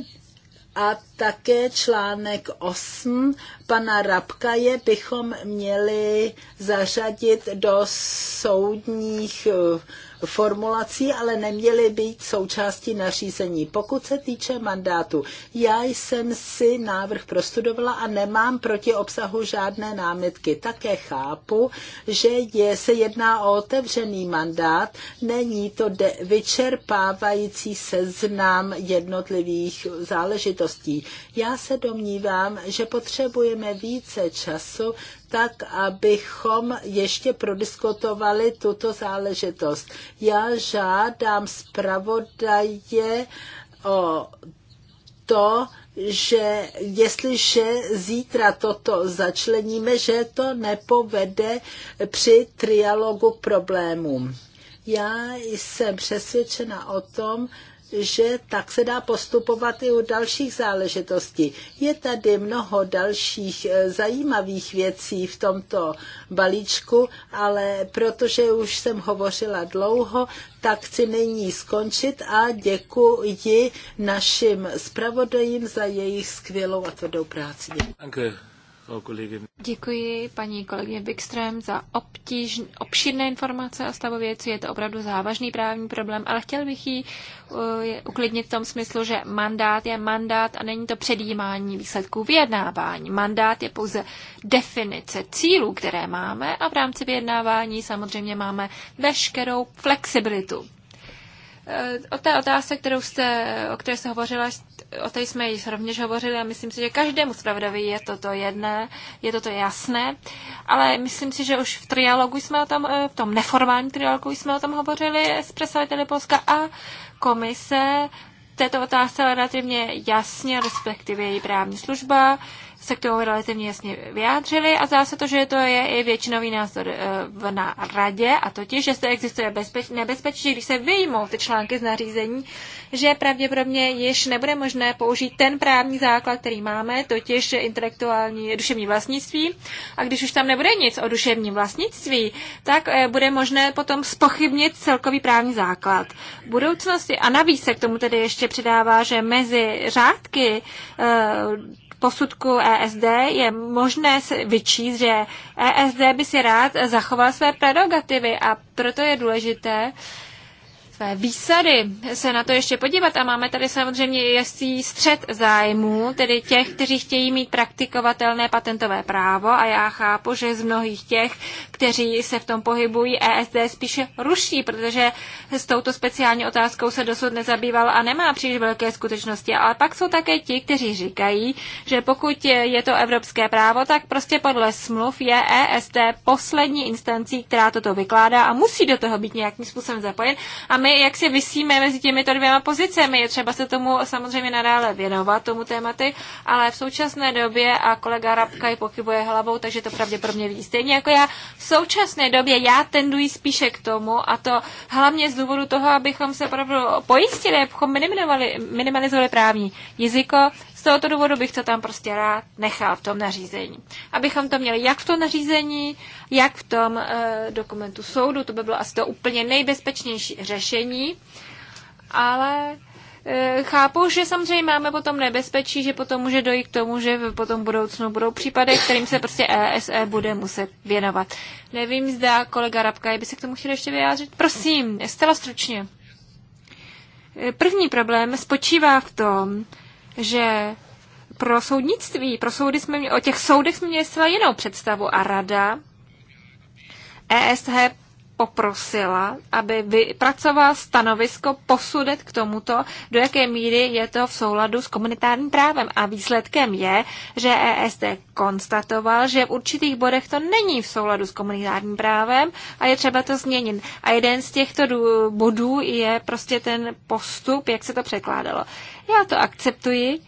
a také článek 8 pana Rabka je, bychom měli zařadit do soudních uh, formulací, ale neměly být součástí nařízení. Pokud se týče mandátu, já jsem si návrh prostudovala a nemám proti obsahu žádné námitky. Také chápu, že je, se jedná o otevřený mandát, není to de, vyčerpávající seznam jednotlivých záležitostí. Já se domnívám, že potřebujeme více času tak abychom ještě prodiskutovali tuto záležitost. Já žádám zpravodaje o to, že jestliže zítra toto začleníme, že to nepovede při trialogu problémům. Já jsem přesvědčena o tom, že tak se dá postupovat i u dalších záležitostí. Je tady mnoho dalších e, zajímavých věcí v tomto balíčku, ale protože už jsem hovořila dlouho, tak chci nyní skončit a děkuji našim zpravodajím za jejich skvělou a tvrdou práci. Děkuji. Děkuji paní kolegyně Wikström za obtíž, obšírné informace o stavu věcí. Je to opravdu závažný právní problém, ale chtěl bych ji eh, uklidnit v tom smyslu, že mandát je mandát a není to předjímání výsledků vyjednávání. Mandát je pouze definice cílů, které máme a v rámci vyjednávání samozřejmě máme veškerou flexibilitu. Eh, o té otázce, kterou jste, o které jste hovořila, o té jsme již rovněž hovořili a myslím si, že každému zpravodavi je toto jedné, je toto jasné, ale myslím si, že už v trialogu jsme o tom, eh, v tom neformálním trialogu jsme o tom hovořili s představiteli Polska a komise této otázce relativně jasně, respektive její právní služba, se k tomu relativně jasně vyjádřili a zdá se to, že to je i většinový názor eh, na radě a totiž, že se existuje bezpeč, nebezpečí, když se vyjmou ty články z nařízení, že pravděpodobně již nebude možné použít ten právní základ, který máme, totiž intelektuální duševní vlastnictví. A když už tam nebude nic o duševním vlastnictví, tak eh, bude možné potom spochybnit celkový právní základ budoucnosti. A navíc se k tomu tedy ještě přidává, že mezi řádky eh, posudku ESD je možné vyčíst, že ESD by si rád zachoval své prerogativy a proto je důležité, své výsady se na to ještě podívat. A máme tady samozřejmě jistý střed zájmů, tedy těch, kteří chtějí mít praktikovatelné patentové právo. A já chápu, že z mnohých těch, kteří se v tom pohybují, ESD spíše ruší, protože s touto speciální otázkou se dosud nezabýval a nemá příliš velké skutečnosti. Ale pak jsou také ti, kteří říkají, že pokud je to evropské právo, tak prostě podle smluv je ESD poslední instancí, která toto vykládá a musí do toho být nějakým způsobem zapojen. A my jak si vysíme mezi těmito dvěma pozicemi. Je třeba se tomu samozřejmě nadále věnovat, tomu tématy, ale v současné době, a kolega Rabka i pochybuje hlavou, takže to pravděpodobně ví stejně jako já, v současné době já tenduji spíše k tomu, a to hlavně z důvodu toho, abychom se opravdu pojistili, abychom minimalizovali právní jazyko, tohoto důvodu bych to tam prostě rád nechal v tom nařízení. Abychom to měli jak v tom nařízení, jak v tom e, dokumentu soudu, to by bylo asi to úplně nejbezpečnější řešení, ale eh, chápu, že samozřejmě máme potom nebezpečí, že potom může dojít k tomu, že potom v budoucnu budou případy, kterým se prostě ESE e bude muset věnovat. Nevím, zda kolega Rabka by se k tomu chtěl ještě vyjádřit. Prosím, zcela stručně. Eh, první problém spočívá v tom, že pro soudnictví, pro soudy jsme měli, o těch soudech jsme měli zcela jinou představu a rada ESHP poprosila, aby vypracoval stanovisko posudek k tomuto, do jaké míry je to v souladu s komunitárním právem. A výsledkem je, že ESD konstatoval, že v určitých bodech to není v souladu s komunitárním právem a je třeba to změnit. A jeden z těchto bodů je prostě ten postup, jak se to překládalo. Já to akceptuji,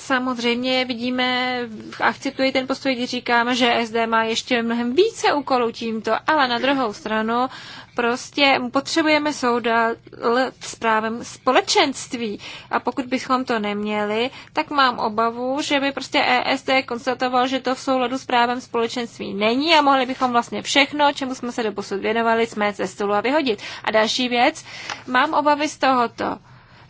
samozřejmě vidíme a akceptuji ten postoj, když říkáme, že SD má ještě mnohem více úkolů tímto, ale na druhou stranu prostě potřebujeme soudat s právem společenství a pokud bychom to neměli, tak mám obavu, že by prostě ESD konstatoval, že to v souladu s právem společenství není a mohli bychom vlastně všechno, čemu jsme se doposud věnovali, jsme ze stolu a vyhodit. A další věc, mám obavy z tohoto,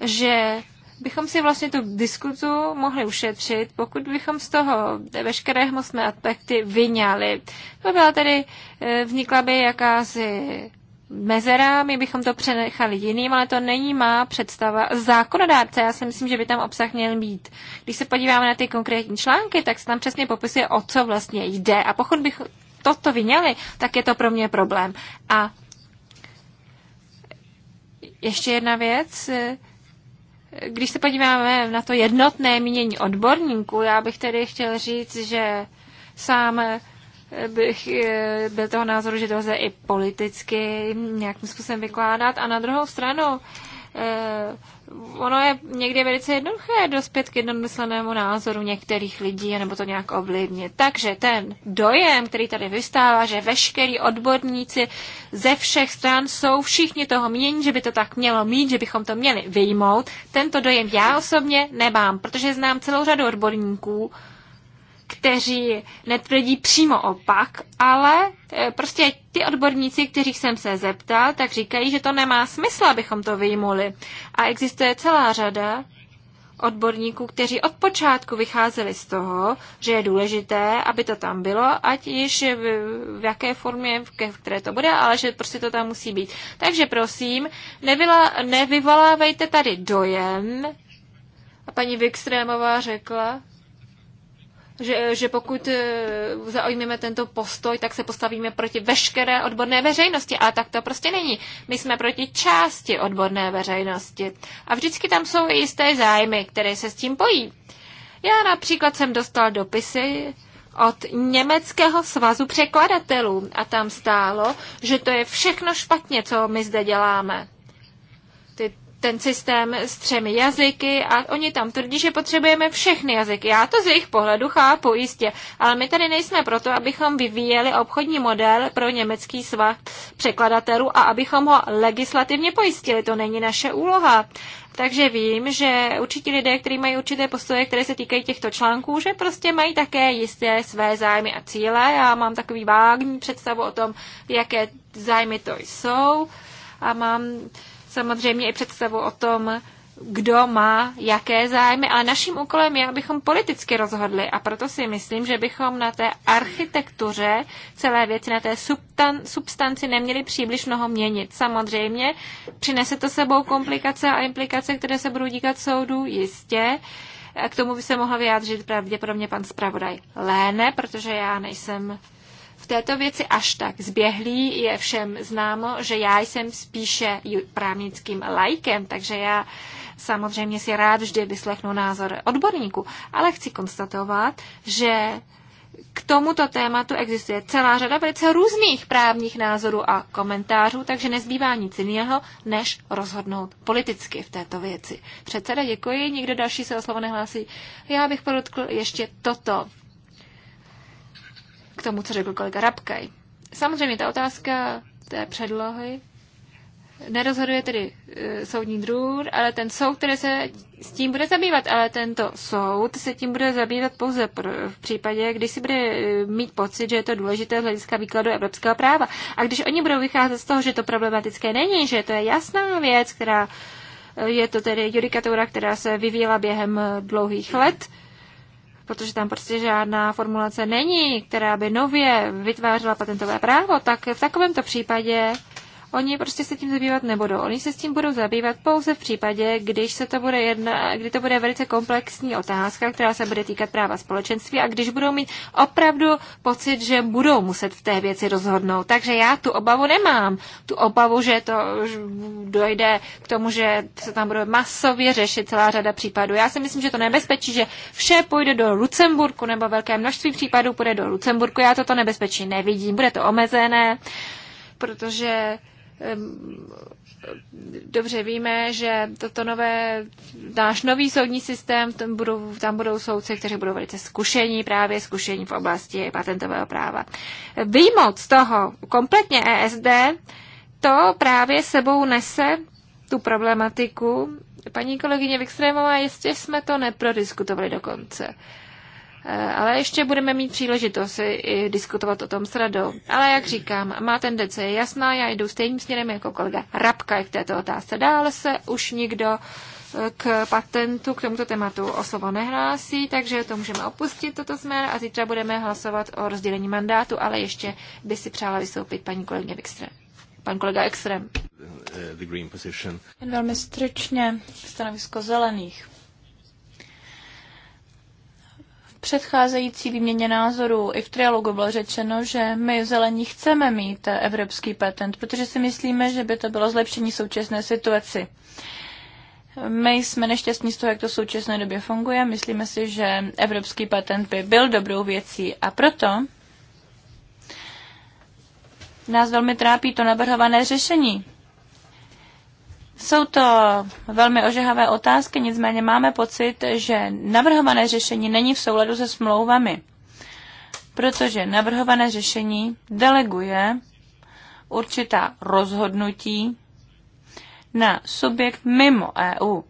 že bychom si vlastně tu diskuzu mohli ušetřit, pokud bychom z toho veškeré hmotné aspekty vyňali. To byla tedy, e, vznikla by jakási mezera, my bychom to přenechali jiným, ale to není má představa zákonodárce. Já si myslím, že by tam obsah měl být. Když se podíváme na ty konkrétní články, tak se tam přesně popisuje, o co vlastně jde. A pokud bych toto vyňali, tak je to pro mě problém. A ještě jedna věc. Když se podíváme na to jednotné mínění odborníků, já bych tedy chtěl říct, že sám bych eh, byl toho názoru, že to lze i politicky nějakým způsobem vykládat. A na druhou stranu, Eh, ono je někdy velice jednoduché dospět k jednomyslenému názoru některých lidí nebo to nějak ovlivnit. Takže ten dojem, který tady vystává, že veškerý odborníci ze všech stran jsou všichni toho mění, že by to tak mělo mít, že bychom to měli vyjmout, tento dojem já osobně nemám, protože znám celou řadu odborníků, kteří netvrdí přímo opak, ale eh, prostě ty odborníci, kterých jsem se zeptal, tak říkají, že to nemá smysl, abychom to vyjmuli. A existuje celá řada odborníků, kteří od počátku vycházeli z toho, že je důležité, aby to tam bylo, ať již v, jaké formě, v které to bude, ale že prostě to tam musí být. Takže prosím, nevyla, nevyvolávejte tady dojem. A paní Vikstrémová řekla, že, že pokud eh, zaujmeme tento postoj, tak se postavíme proti veškeré odborné veřejnosti, ale tak to prostě není. My jsme proti části odborné veřejnosti. A vždycky tam jsou i jisté zájmy, které se s tím pojí. Já například jsem dostal dopisy od Německého svazu překladatelů a tam stálo, že to je všechno špatně, co my zde děláme ten systém s třemi jazyky a oni tam tvrdí, že potřebujeme všechny jazyky. Já to z jejich pohledu chápu, jistě, ale my tady nejsme proto, abychom vyvíjeli obchodní model pro německý svah překladatelů a abychom ho legislativně pojistili. To není naše úloha. Takže vím, že určitě lidé, kteří mají určité postoje, které se týkají těchto článků, že prostě mají také jisté své zájmy a cíle. Já mám takový vágní představu o tom, jaké zájmy to jsou a mám samozřejmě i představu o tom, kdo má jaké zájmy, ale naším úkolem je, abychom politicky rozhodli a proto si myslím, že bychom na té architektuře celé věci, na té substan- substanci neměli příliš mnoho měnit. Samozřejmě přinese to sebou komplikace a implikace, které se budou díkat soudu, jistě. A k tomu by se mohl vyjádřit pravděpodobně pan zpravodaj Léne, protože já nejsem této věci až tak zběhlý. Je všem známo, že já jsem spíše právnickým lajkem, takže já samozřejmě si rád vždy vyslechnu názor odborníků, ale chci konstatovat, že k tomuto tématu existuje celá řada velice různých právních názorů a komentářů, takže nezbývá nic jiného, než rozhodnout politicky v této věci. Předseda, děkuji. Nikdo další se o slovo nehlásí. Já bych podotkl ještě toto k tomu, co řekl kolega Rabkaj. Samozřejmě ta otázka té předlohy nerozhoduje tedy e, soudní drůr, ale ten soud, který se s tím bude zabývat, ale tento soud se tím bude zabývat pouze pr- v případě, když si bude e, mít pocit, že je to důležité z hlediska výkladu evropského práva. A když oni budou vycházet z toho, že to problematické není, že to je jasná věc, která e, je to tedy judikatura, která se vyvíjela během dlouhých let, protože tam prostě žádná formulace není, která by nově vytvářela patentové právo, tak v takovémto případě Oni prostě se tím zabývat nebudou. Oni se s tím budou zabývat pouze v případě, když se to bude jedna, kdy to bude velice komplexní otázka, která se bude týkat práva společenství a když budou mít opravdu pocit, že budou muset v té věci rozhodnout. Takže já tu obavu nemám. Tu obavu, že to dojde k tomu, že se tam bude masově řešit celá řada případů. Já si myslím, že to nebezpečí, že vše půjde do Lucemburku nebo velké množství případů půjde do Lucemburku. Já toto nebezpečí nevidím. Bude to omezené, protože dobře víme, že toto nové, náš nový soudní systém, tam budou, tam budou soudci, kteří budou velice zkušení, právě zkušení v oblasti patentového práva. Výmoc z toho kompletně ESD, to právě sebou nese tu problematiku. Paní kolegyně Vikstrémová, jestli jsme to neprodiskutovali dokonce. Eh, ale ještě budeme mít příležitost i diskutovat o tom s radou. Ale jak říkám, má tendence je jasná, já jdu stejným směrem jako kolega Rabka k této otázce. Dále se už nikdo eh, k patentu, k tomuto tématu o slovo nehlásí, takže to můžeme opustit, toto směr a zítra budeme hlasovat o rozdělení mandátu, ale ještě by si přála vystoupit paní kolegyně Wikström. Pan kolega Extrém. Eh, Jen velmi stručně stanovisko zelených předcházející výměně názorů i v trialogu bylo řečeno, že my zelení chceme mít evropský patent, protože si myslíme, že by to bylo zlepšení současné situaci. My jsme nešťastní z toho, jak to v současné době funguje. Myslíme si, že evropský patent by byl dobrou věcí a proto nás velmi trápí to navrhované řešení. Jsou to velmi ožehavé otázky, nicméně máme pocit, že navrhované řešení není v souladu se smlouvami, protože navrhované řešení deleguje určitá rozhodnutí na subjekt mimo EU,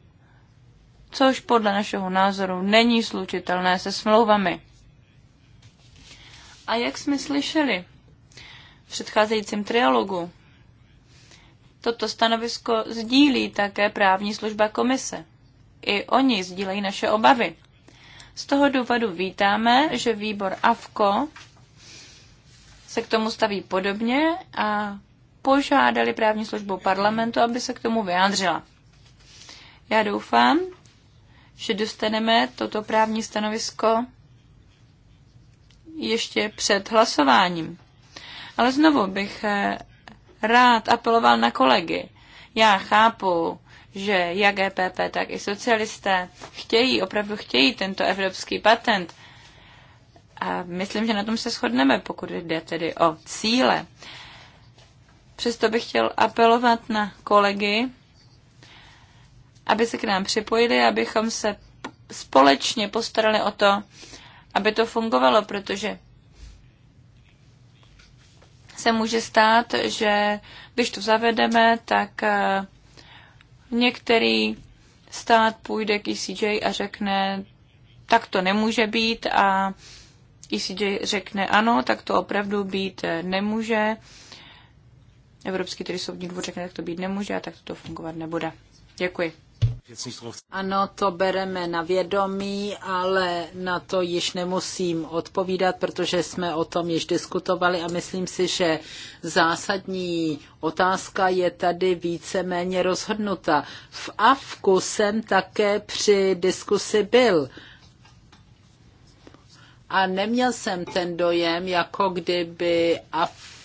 což podle našeho názoru není slučitelné se smlouvami. A jak jsme slyšeli v předcházejícím trialogu, Toto stanovisko sdílí také právní služba komise. I oni sdílejí naše obavy. Z toho důvodu vítáme, že výbor AFKO se k tomu staví podobně a požádali právní službu parlamentu, aby se k tomu vyjádřila. Já doufám, že dostaneme toto právní stanovisko ještě před hlasováním. Ale znovu bych eh, rád apeloval na kolegy. Já chápu, že jak EPP, tak i socialisté chtějí, opravdu chtějí tento evropský patent. A myslím, že na tom se shodneme, pokud jde tedy o cíle. Přesto bych chtěl apelovat na kolegy, aby se k nám připojili, abychom se společně postarali o to, aby to fungovalo, protože se může stát, že když to zavedeme, tak eh, některý stát půjde k ECJ a řekne, tak to nemůže být a ECJ řekne ano, tak to opravdu být eh, nemůže. Evropský tedy soudní dvůr řekne, tak to být nemůže a tak to fungovat nebude. Děkuji. Ano, to bereme na vědomí, ale na to již nemusím odpovídat, protože jsme o tom již diskutovali a myslím si, že zásadní otázka je tady víceméně rozhodnuta. V AFKu jsem také při diskusi byl. A neměl jsem ten dojem, jako kdyby AFK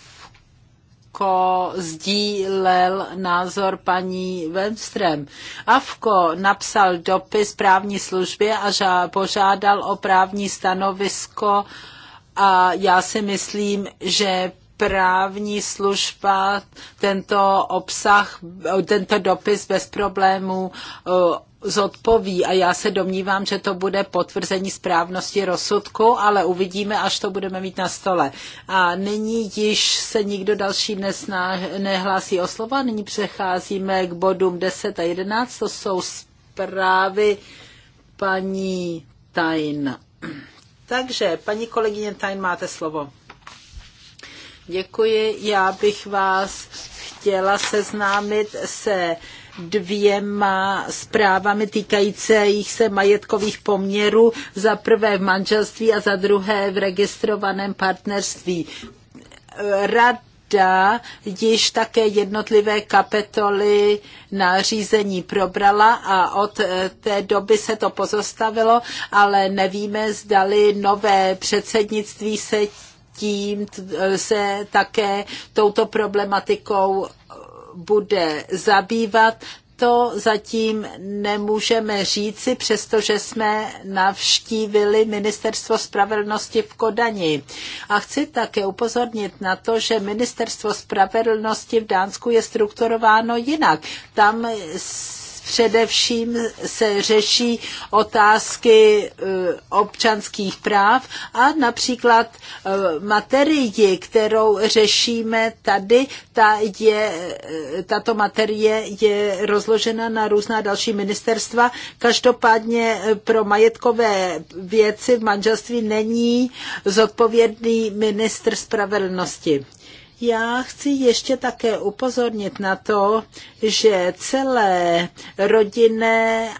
AFKO sdílel názor paní Wemström. AFKO napsal dopis právní službě a požádal o právní stanovisko a já si myslím, že právní služba tento obsah, tento dopis bez problémů eh, zodpoví a já se domnívám, že to bude potvrzení správnosti rozsudku, ale uvidíme, až to budeme mít na stole. A nyní již se nikdo další dnes nehlásí o slova, nyní přecházíme k bodům 10 a 11, to jsou zprávy paní Tajn. Takže, paní kolegyně Tajn, máte slovo. Děkuji, já bych vás chtěla seznámit se dvěma zprávami týkajících se majetkových poměrů, za prvé v manželství a za druhé v registrovaném partnerství. Rad rada již také jednotlivé kapitoly řízení probrala a od té doby se to pozostavilo, ale nevíme, zdali nové předsednictví se tím se také touto problematikou bude zabývat, to zatím nemůžeme říci, přestože jsme navštívili Ministerstvo spravedlnosti v Kodani. A chci také upozornit na to, že Ministerstvo spravedlnosti v Dánsku je strukturováno jinak. Tam Především se řeší otázky e, občanských práv a například e, materii, kterou řešíme tady, ta je, e, tato materie je rozložena na různá další ministerstva. Každopádně pro majetkové věci v manželství není zodpovědný minister spravedlnosti. Já chci ještě také upozornit na to, že celé rodinné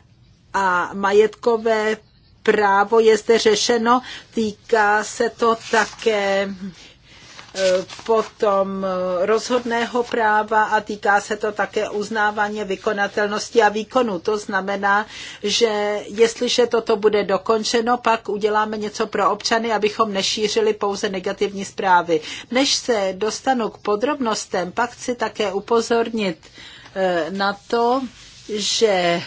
a majetkové právo je zde řešeno, týká se to také potom rozhodného práva a týká se to také uznávání vykonatelnosti a výkonu. To znamená, že jestliže toto bude dokončeno, pak uděláme něco pro občany, abychom nešířili pouze negativní zprávy. Než se dostanu k podrobnostem, pak chci také upozornit eh, na to, že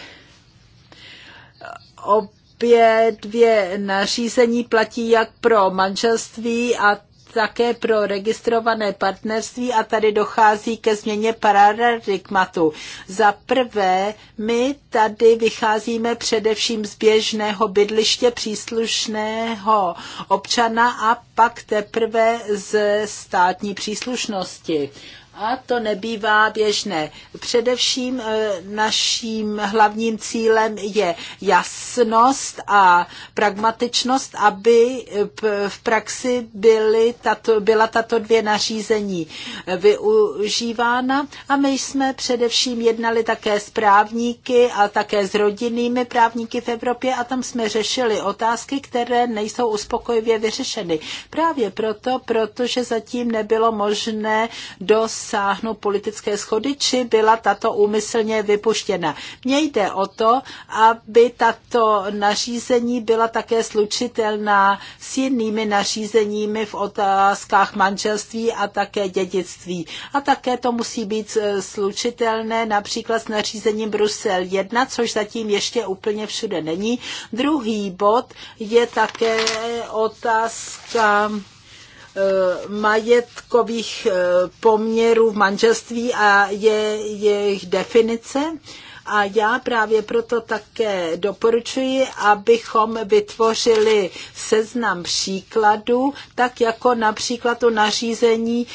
obě dvě nařízení platí jak pro manželství a také pro registrované partnerství a tady dochází ke změně paradigmatu. Za prvé, my tady vycházíme především z běžného bydliště příslušného občana a pak teprve z státní příslušnosti. A to nebývá běžné. Především e, naším hlavním cílem je jasnost a pragmatičnost, aby e, v praxi byly tato, byla tato dvě nařízení e, využívána. A my jsme především jednali také s právníky a také s rodinnými právníky v Evropě a tam jsme řešili otázky, které nejsou uspokojivě vyřešeny. Právě proto, protože zatím nebylo možné dost dosáhnout politické schody, či byla tato úmyslně vypuštěna. Mně jde o to, aby tato nařízení byla také slučitelná s jinými nařízeními v otázkách manželství a také dědictví. A také to musí být slučitelné například s nařízením Brusel 1, což zatím ještě úplně všude není. Druhý bod je také otázka Eh, majetkových eh, poměrů v manželství a je jejich definice. A já právě proto také doporučuji, abychom vytvořili seznam příkladů, tak jako například to nařízení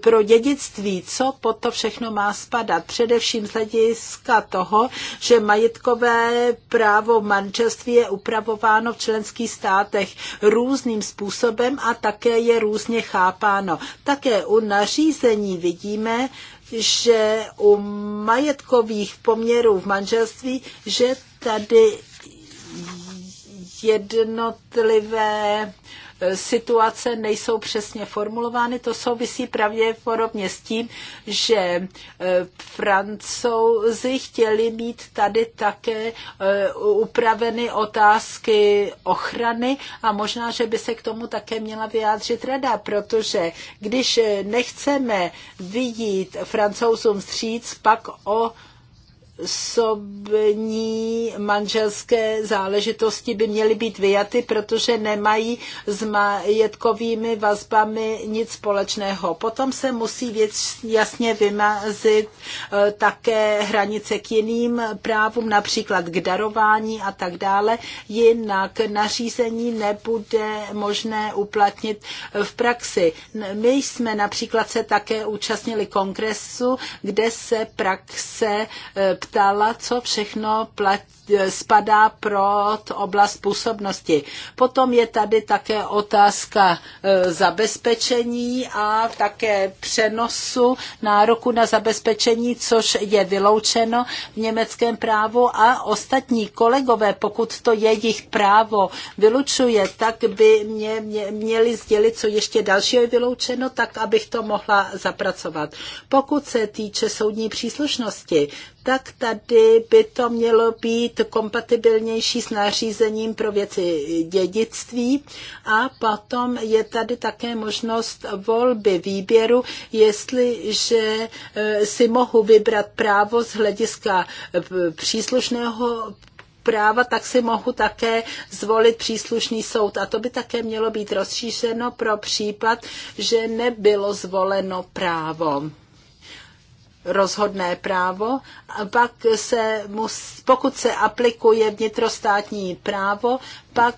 pro dědictví, co pod to všechno má spadat. Především z hlediska toho, že majetkové právo manželství je upravováno v členských státech různým způsobem a také je různě chápáno. Také u nařízení vidíme, že u majetkových poměrů v manželství, že tady jednotlivé situace nejsou přesně formulovány. To souvisí pravděpodobně s tím, že e, francouzi chtěli mít tady také e, upraveny otázky ochrany a možná, že by se k tomu také měla vyjádřit rada, protože když nechceme vidět francouzům stříc, pak o osobní manželské záležitosti by měly být vyjaty, protože nemají s majetkovými vazbami nic společného. Potom se musí věc jasně vymazit eh, také hranice k jiným právům, například k darování a tak dále. Jinak nařízení nebude možné uplatnit v praxi. My jsme například se také účastnili kongresu, kde se praxe ptá eh, ptala, co všechno platí spadá pro oblast působnosti. Potom je tady také otázka e, zabezpečení a také přenosu nároku na zabezpečení, což je vyloučeno v německém právu a ostatní kolegové, pokud to jejich právo vylučuje, tak by mě, mě měli sdělit, co ještě dalšího je vyloučeno, tak abych to mohla zapracovat. Pokud se týče soudní příslušnosti, tak tady by to mělo být kompatibilnější s nařízením pro věci dědictví a potom je tady také možnost volby výběru, jestliže eh, si mohu vybrat právo z hlediska eh, příslušného práva, tak si mohu také zvolit příslušný soud. A to by také mělo být rozšířeno pro případ, že nebylo zvoleno právo rozhodné právo, a pak se mus, pokud se aplikuje vnitrostátní právo, pak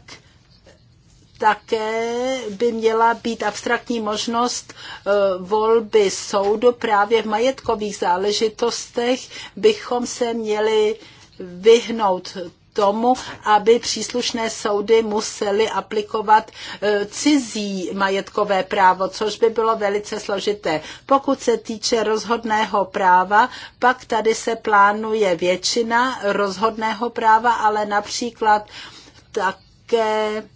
také by měla být abstraktní možnost e, volby soudu právě v majetkových záležitostech, bychom se měli vyhnout tomu, aby příslušné soudy musely aplikovat e, cizí majetkové právo, což by bylo velice složité. Pokud se týče rozhodného práva, pak tady se plánuje většina rozhodného práva, ale například také e,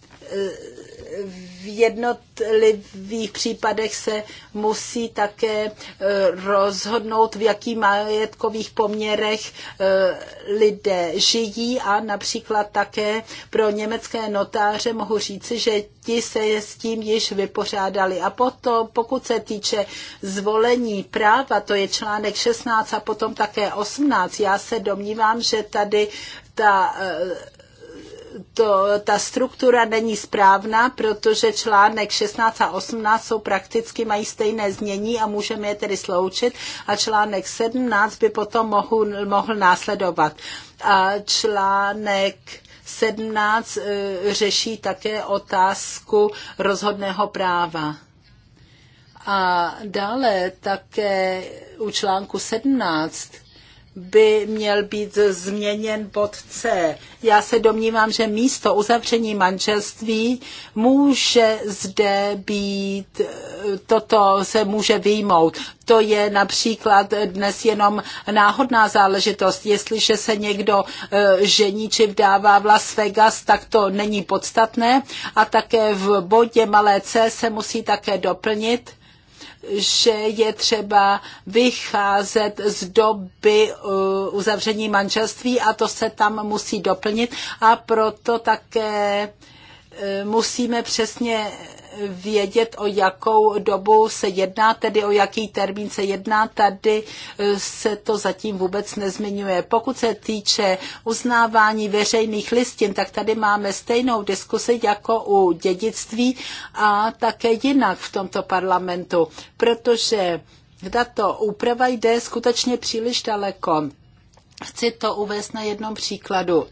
v jednotlivých případech se musí také eh, rozhodnout, v jakých majetkových poměrech eh, lidé žijí a například také pro německé notáře mohu říci, že ti se s tím již vypořádali. A potom, pokud se týče zvolení práva, to je článek 16 a potom také 18, já se domnívám, že tady ta eh, to, ta struktura není správná, protože článek 16 a 18 jsou prakticky mají stejné znění a můžeme je tedy sloučit a článek 17 by potom mohu, mohl následovat. A článek 17 e, řeší také otázku rozhodného práva. A dále také u článku 17 by měl být změněn bod C. Já se domnívám, že místo uzavření manželství může zde být, toto se může výjmout. To je například dnes jenom náhodná záležitost. Jestliže se někdo e, žení či vdává v Las Vegas, tak to není podstatné. A také v bodě malé C se musí také doplnit, že je třeba vycházet z doby eh, uzavření manželství a to se tam musí doplnit a proto také eh, musíme přesně vědět, o jakou dobu se jedná, tedy o jaký termín se jedná. Tady eh, se to zatím vůbec nezmiňuje. Pokud se týče uznávání veřejných listin, tak tady máme stejnou diskusi jako u dědictví a také jinak v tomto parlamentu, protože tato úprava jde skutečně příliš daleko. Chci to uvést na jednom příkladu.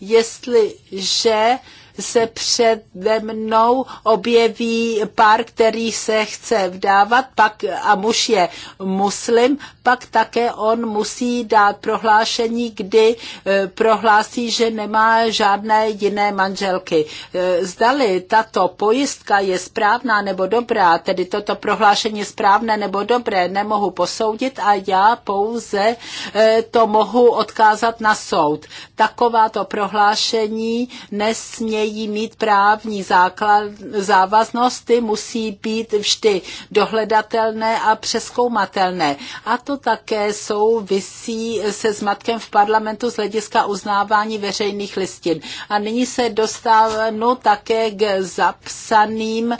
Jestliže se přede mnou objeví pár, který se chce vdávat, pak a muž je muslim, pak také on musí dát prohlášení, kdy e, prohlásí, že nemá žádné jiné manželky. E, zdali tato pojistka je správná nebo dobrá, tedy toto prohlášení je správné nebo dobré, nemohu posoudit a já pouze e, to mohu odkázat na soud. Takováto prohlášení nesmějí nesmějí mít právní základ, závaznosti musí být vždy dohledatelné a přeskoumatelné. A to také souvisí se zmatkem v parlamentu z hlediska uznávání veřejných listin. A nyní se dostávno také k zapsaným eh,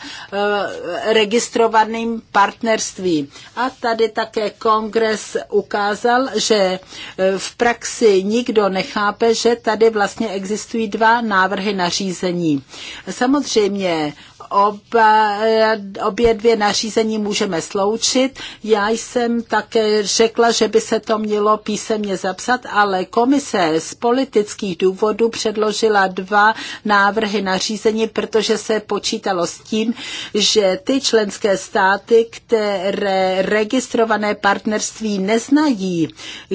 registrovaným partnerství. A tady také kongres ukázal, že eh, v praxi nikdo nechápe, že tady vlastně existují dva návrhy na řízení nařízení. Samozřejmě oba, eh, obě dvě nařízení můžeme sloučit. Já jsem také řekla, že by se to mělo písemně zapsat, ale komise z politických důvodů předložila dva návrhy nařízení, protože se počítalo s tím, že ty členské státy, které registrované partnerství neznají,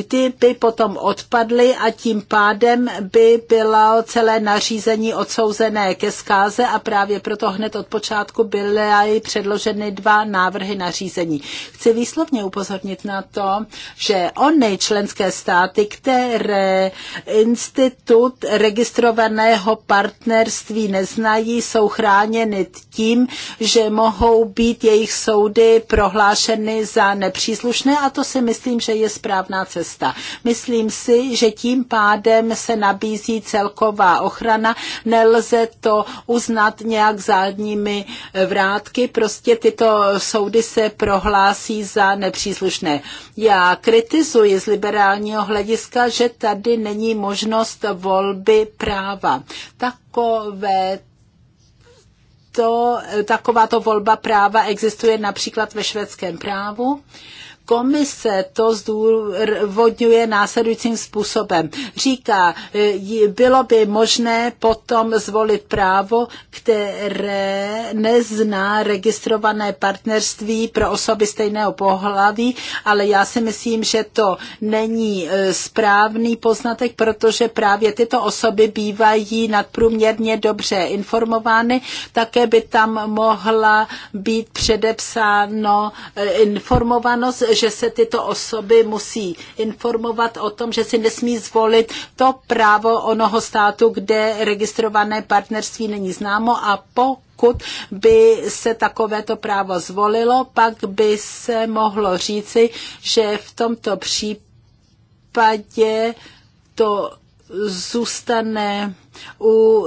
ty by potom odpadly a tím pádem by bylo celé nařízení odsouzené ke zkáze a právě proto hned to od počátku byly předloženy dva návrhy na řízení. Chci výslovně upozornit na to, že ony členské státy, které institut registrovaného partnerství neznají, jsou chráněny tím, že mohou být jejich soudy prohlášeny za nepříslušné a to si myslím, že je správná cesta. Myslím si, že tím pádem se nabízí celková ochrana, nelze to uznat nějak zádní soudními eh, vrátky, prostě tyto soudy se prohlásí za nepříslušné. Já kritizuji z liberálního hlediska, že tady není možnost volby práva. Takové to, eh, takováto volba práva existuje například ve švédském právu. Uh, Komise to zdůvodňuje následujícím způsobem. Říká, e, bylo by možné potom zvolit právo, které nezná registrované partnerství pro osoby stejného pohlaví, ale já si myslím, že to není e, správný poznatek, protože právě tyto osoby bývají nadprůměrně dobře informovány. Také by tam mohla být předepsáno e, informovanost, že se tyto osoby musí informovat o tom, že si nesmí zvolit to právo onoho státu, kde registrované partnerství není známo a po pokud by se takovéto právo zvolilo, pak by se mohlo říci, že v tomto případě to zůstane u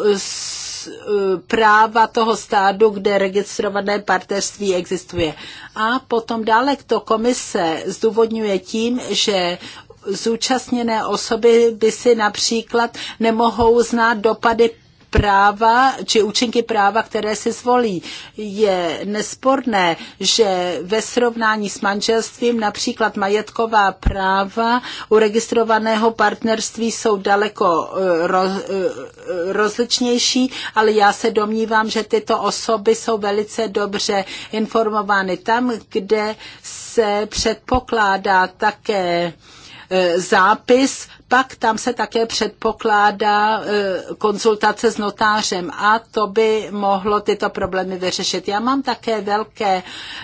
Eh, práva toho stádu, kde registrované partnerství existuje. A potom dále to komise zdůvodňuje tím, že zúčastněné osoby by si například nemohou znát dopady práva či účinky práva, které si zvolí. Je nesporné, že ve srovnání s manželstvím například majetková práva u registrovaného partnerství jsou daleko eh, roz, eh, rozličnější, ale já se domnívám, že tyto osoby jsou velice dobře informovány tam, kde se předpokládá také E, zápis, pak tam se také předpokládá e, konzultace s notářem a to by mohlo tyto problémy vyřešit. Já mám také velké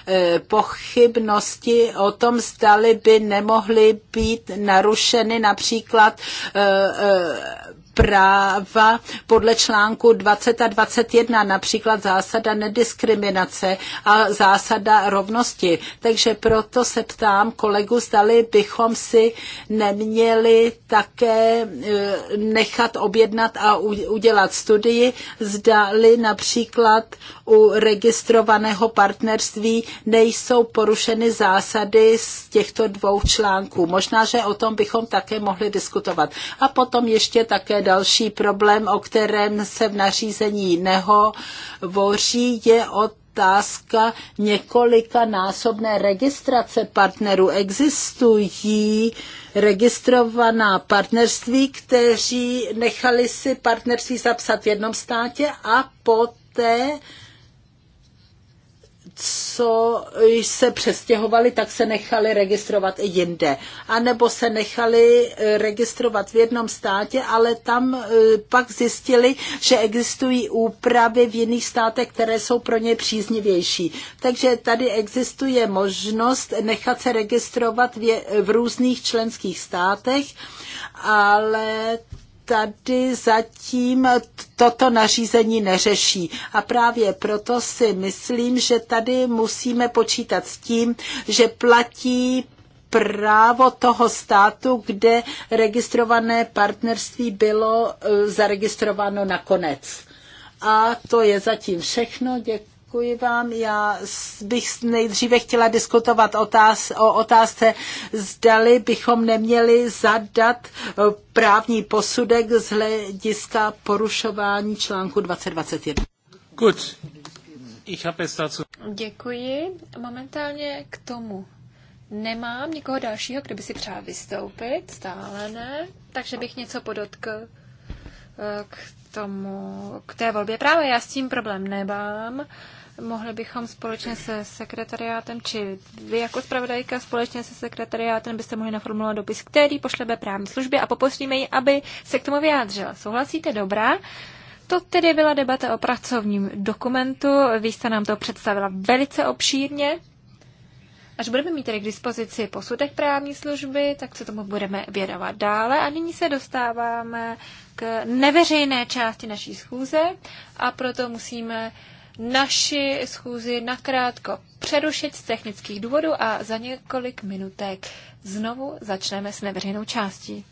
e, pochybnosti o tom, zdali by nemohly být narušeny například práva podle článku 20 a 21, například zásada nediskriminace a zásada rovnosti. Takže proto se ptám kolegu, zdali bychom si neměli také e, nechat objednat a udělat studii, zdali například u registrovaného partnerství nejsou porušeny zásady z těchto dvou článků. Možná, že o tom bychom také mohli diskutovat. A potom ještě také další problém, o kterém se v nařízení nehovoří, je o otázka několika násobné registrace partnerů. Existují registrovaná partnerství, kteří nechali si partnerství zapsat v jednom státě a poté co se přestěhovali, tak se nechali registrovat i jinde. A nebo se nechali eh, registrovat v jednom státě, ale tam eh, pak zjistili, že existují úpravy v jiných státech, které jsou pro ně příznivější. Takže tady existuje možnost nechat se registrovat v různých členských státech, ale tady zatím toto nařízení neřeší. A právě proto si myslím, že tady musíme počítat s tím, že platí právo toho státu, kde registrované partnerství bylo eh, zaregistrováno nakonec. A to je zatím všechno. Děkuji. Děkuji vám. Já bych nejdříve chtěla diskutovat otáz, o otázce, zdali bychom neměli zadat eh, právní posudek z hlediska porušování článku 2021. Gut. Děkuji. Momentálně k tomu nemám nikoho dalšího, kdo by si přál vystoupit, stále ne, takže bych něco podotkl eh, k tomu, k té volbě práva. Já s tím problém nemám mohli bychom společně se sekretariátem, či vy jako zpravodajka společně se sekretariátem byste mohli naformulovat dopis, který pošleme právní službě a poprosíme ji, aby se k tomu vyjádřila. Souhlasíte? Dobrá. To tedy byla debata o pracovním dokumentu. Vy jste nám to představila velice obšírně. Až budeme mít tedy k dispozici posudek právní služby, tak se tomu budeme věnovat dále. A nyní se dostáváme k neveřejné části naší schůze a proto musíme naši schůzi nakrátko přerušit z technických důvodů a za několik minutek znovu začneme s neveřejnou částí.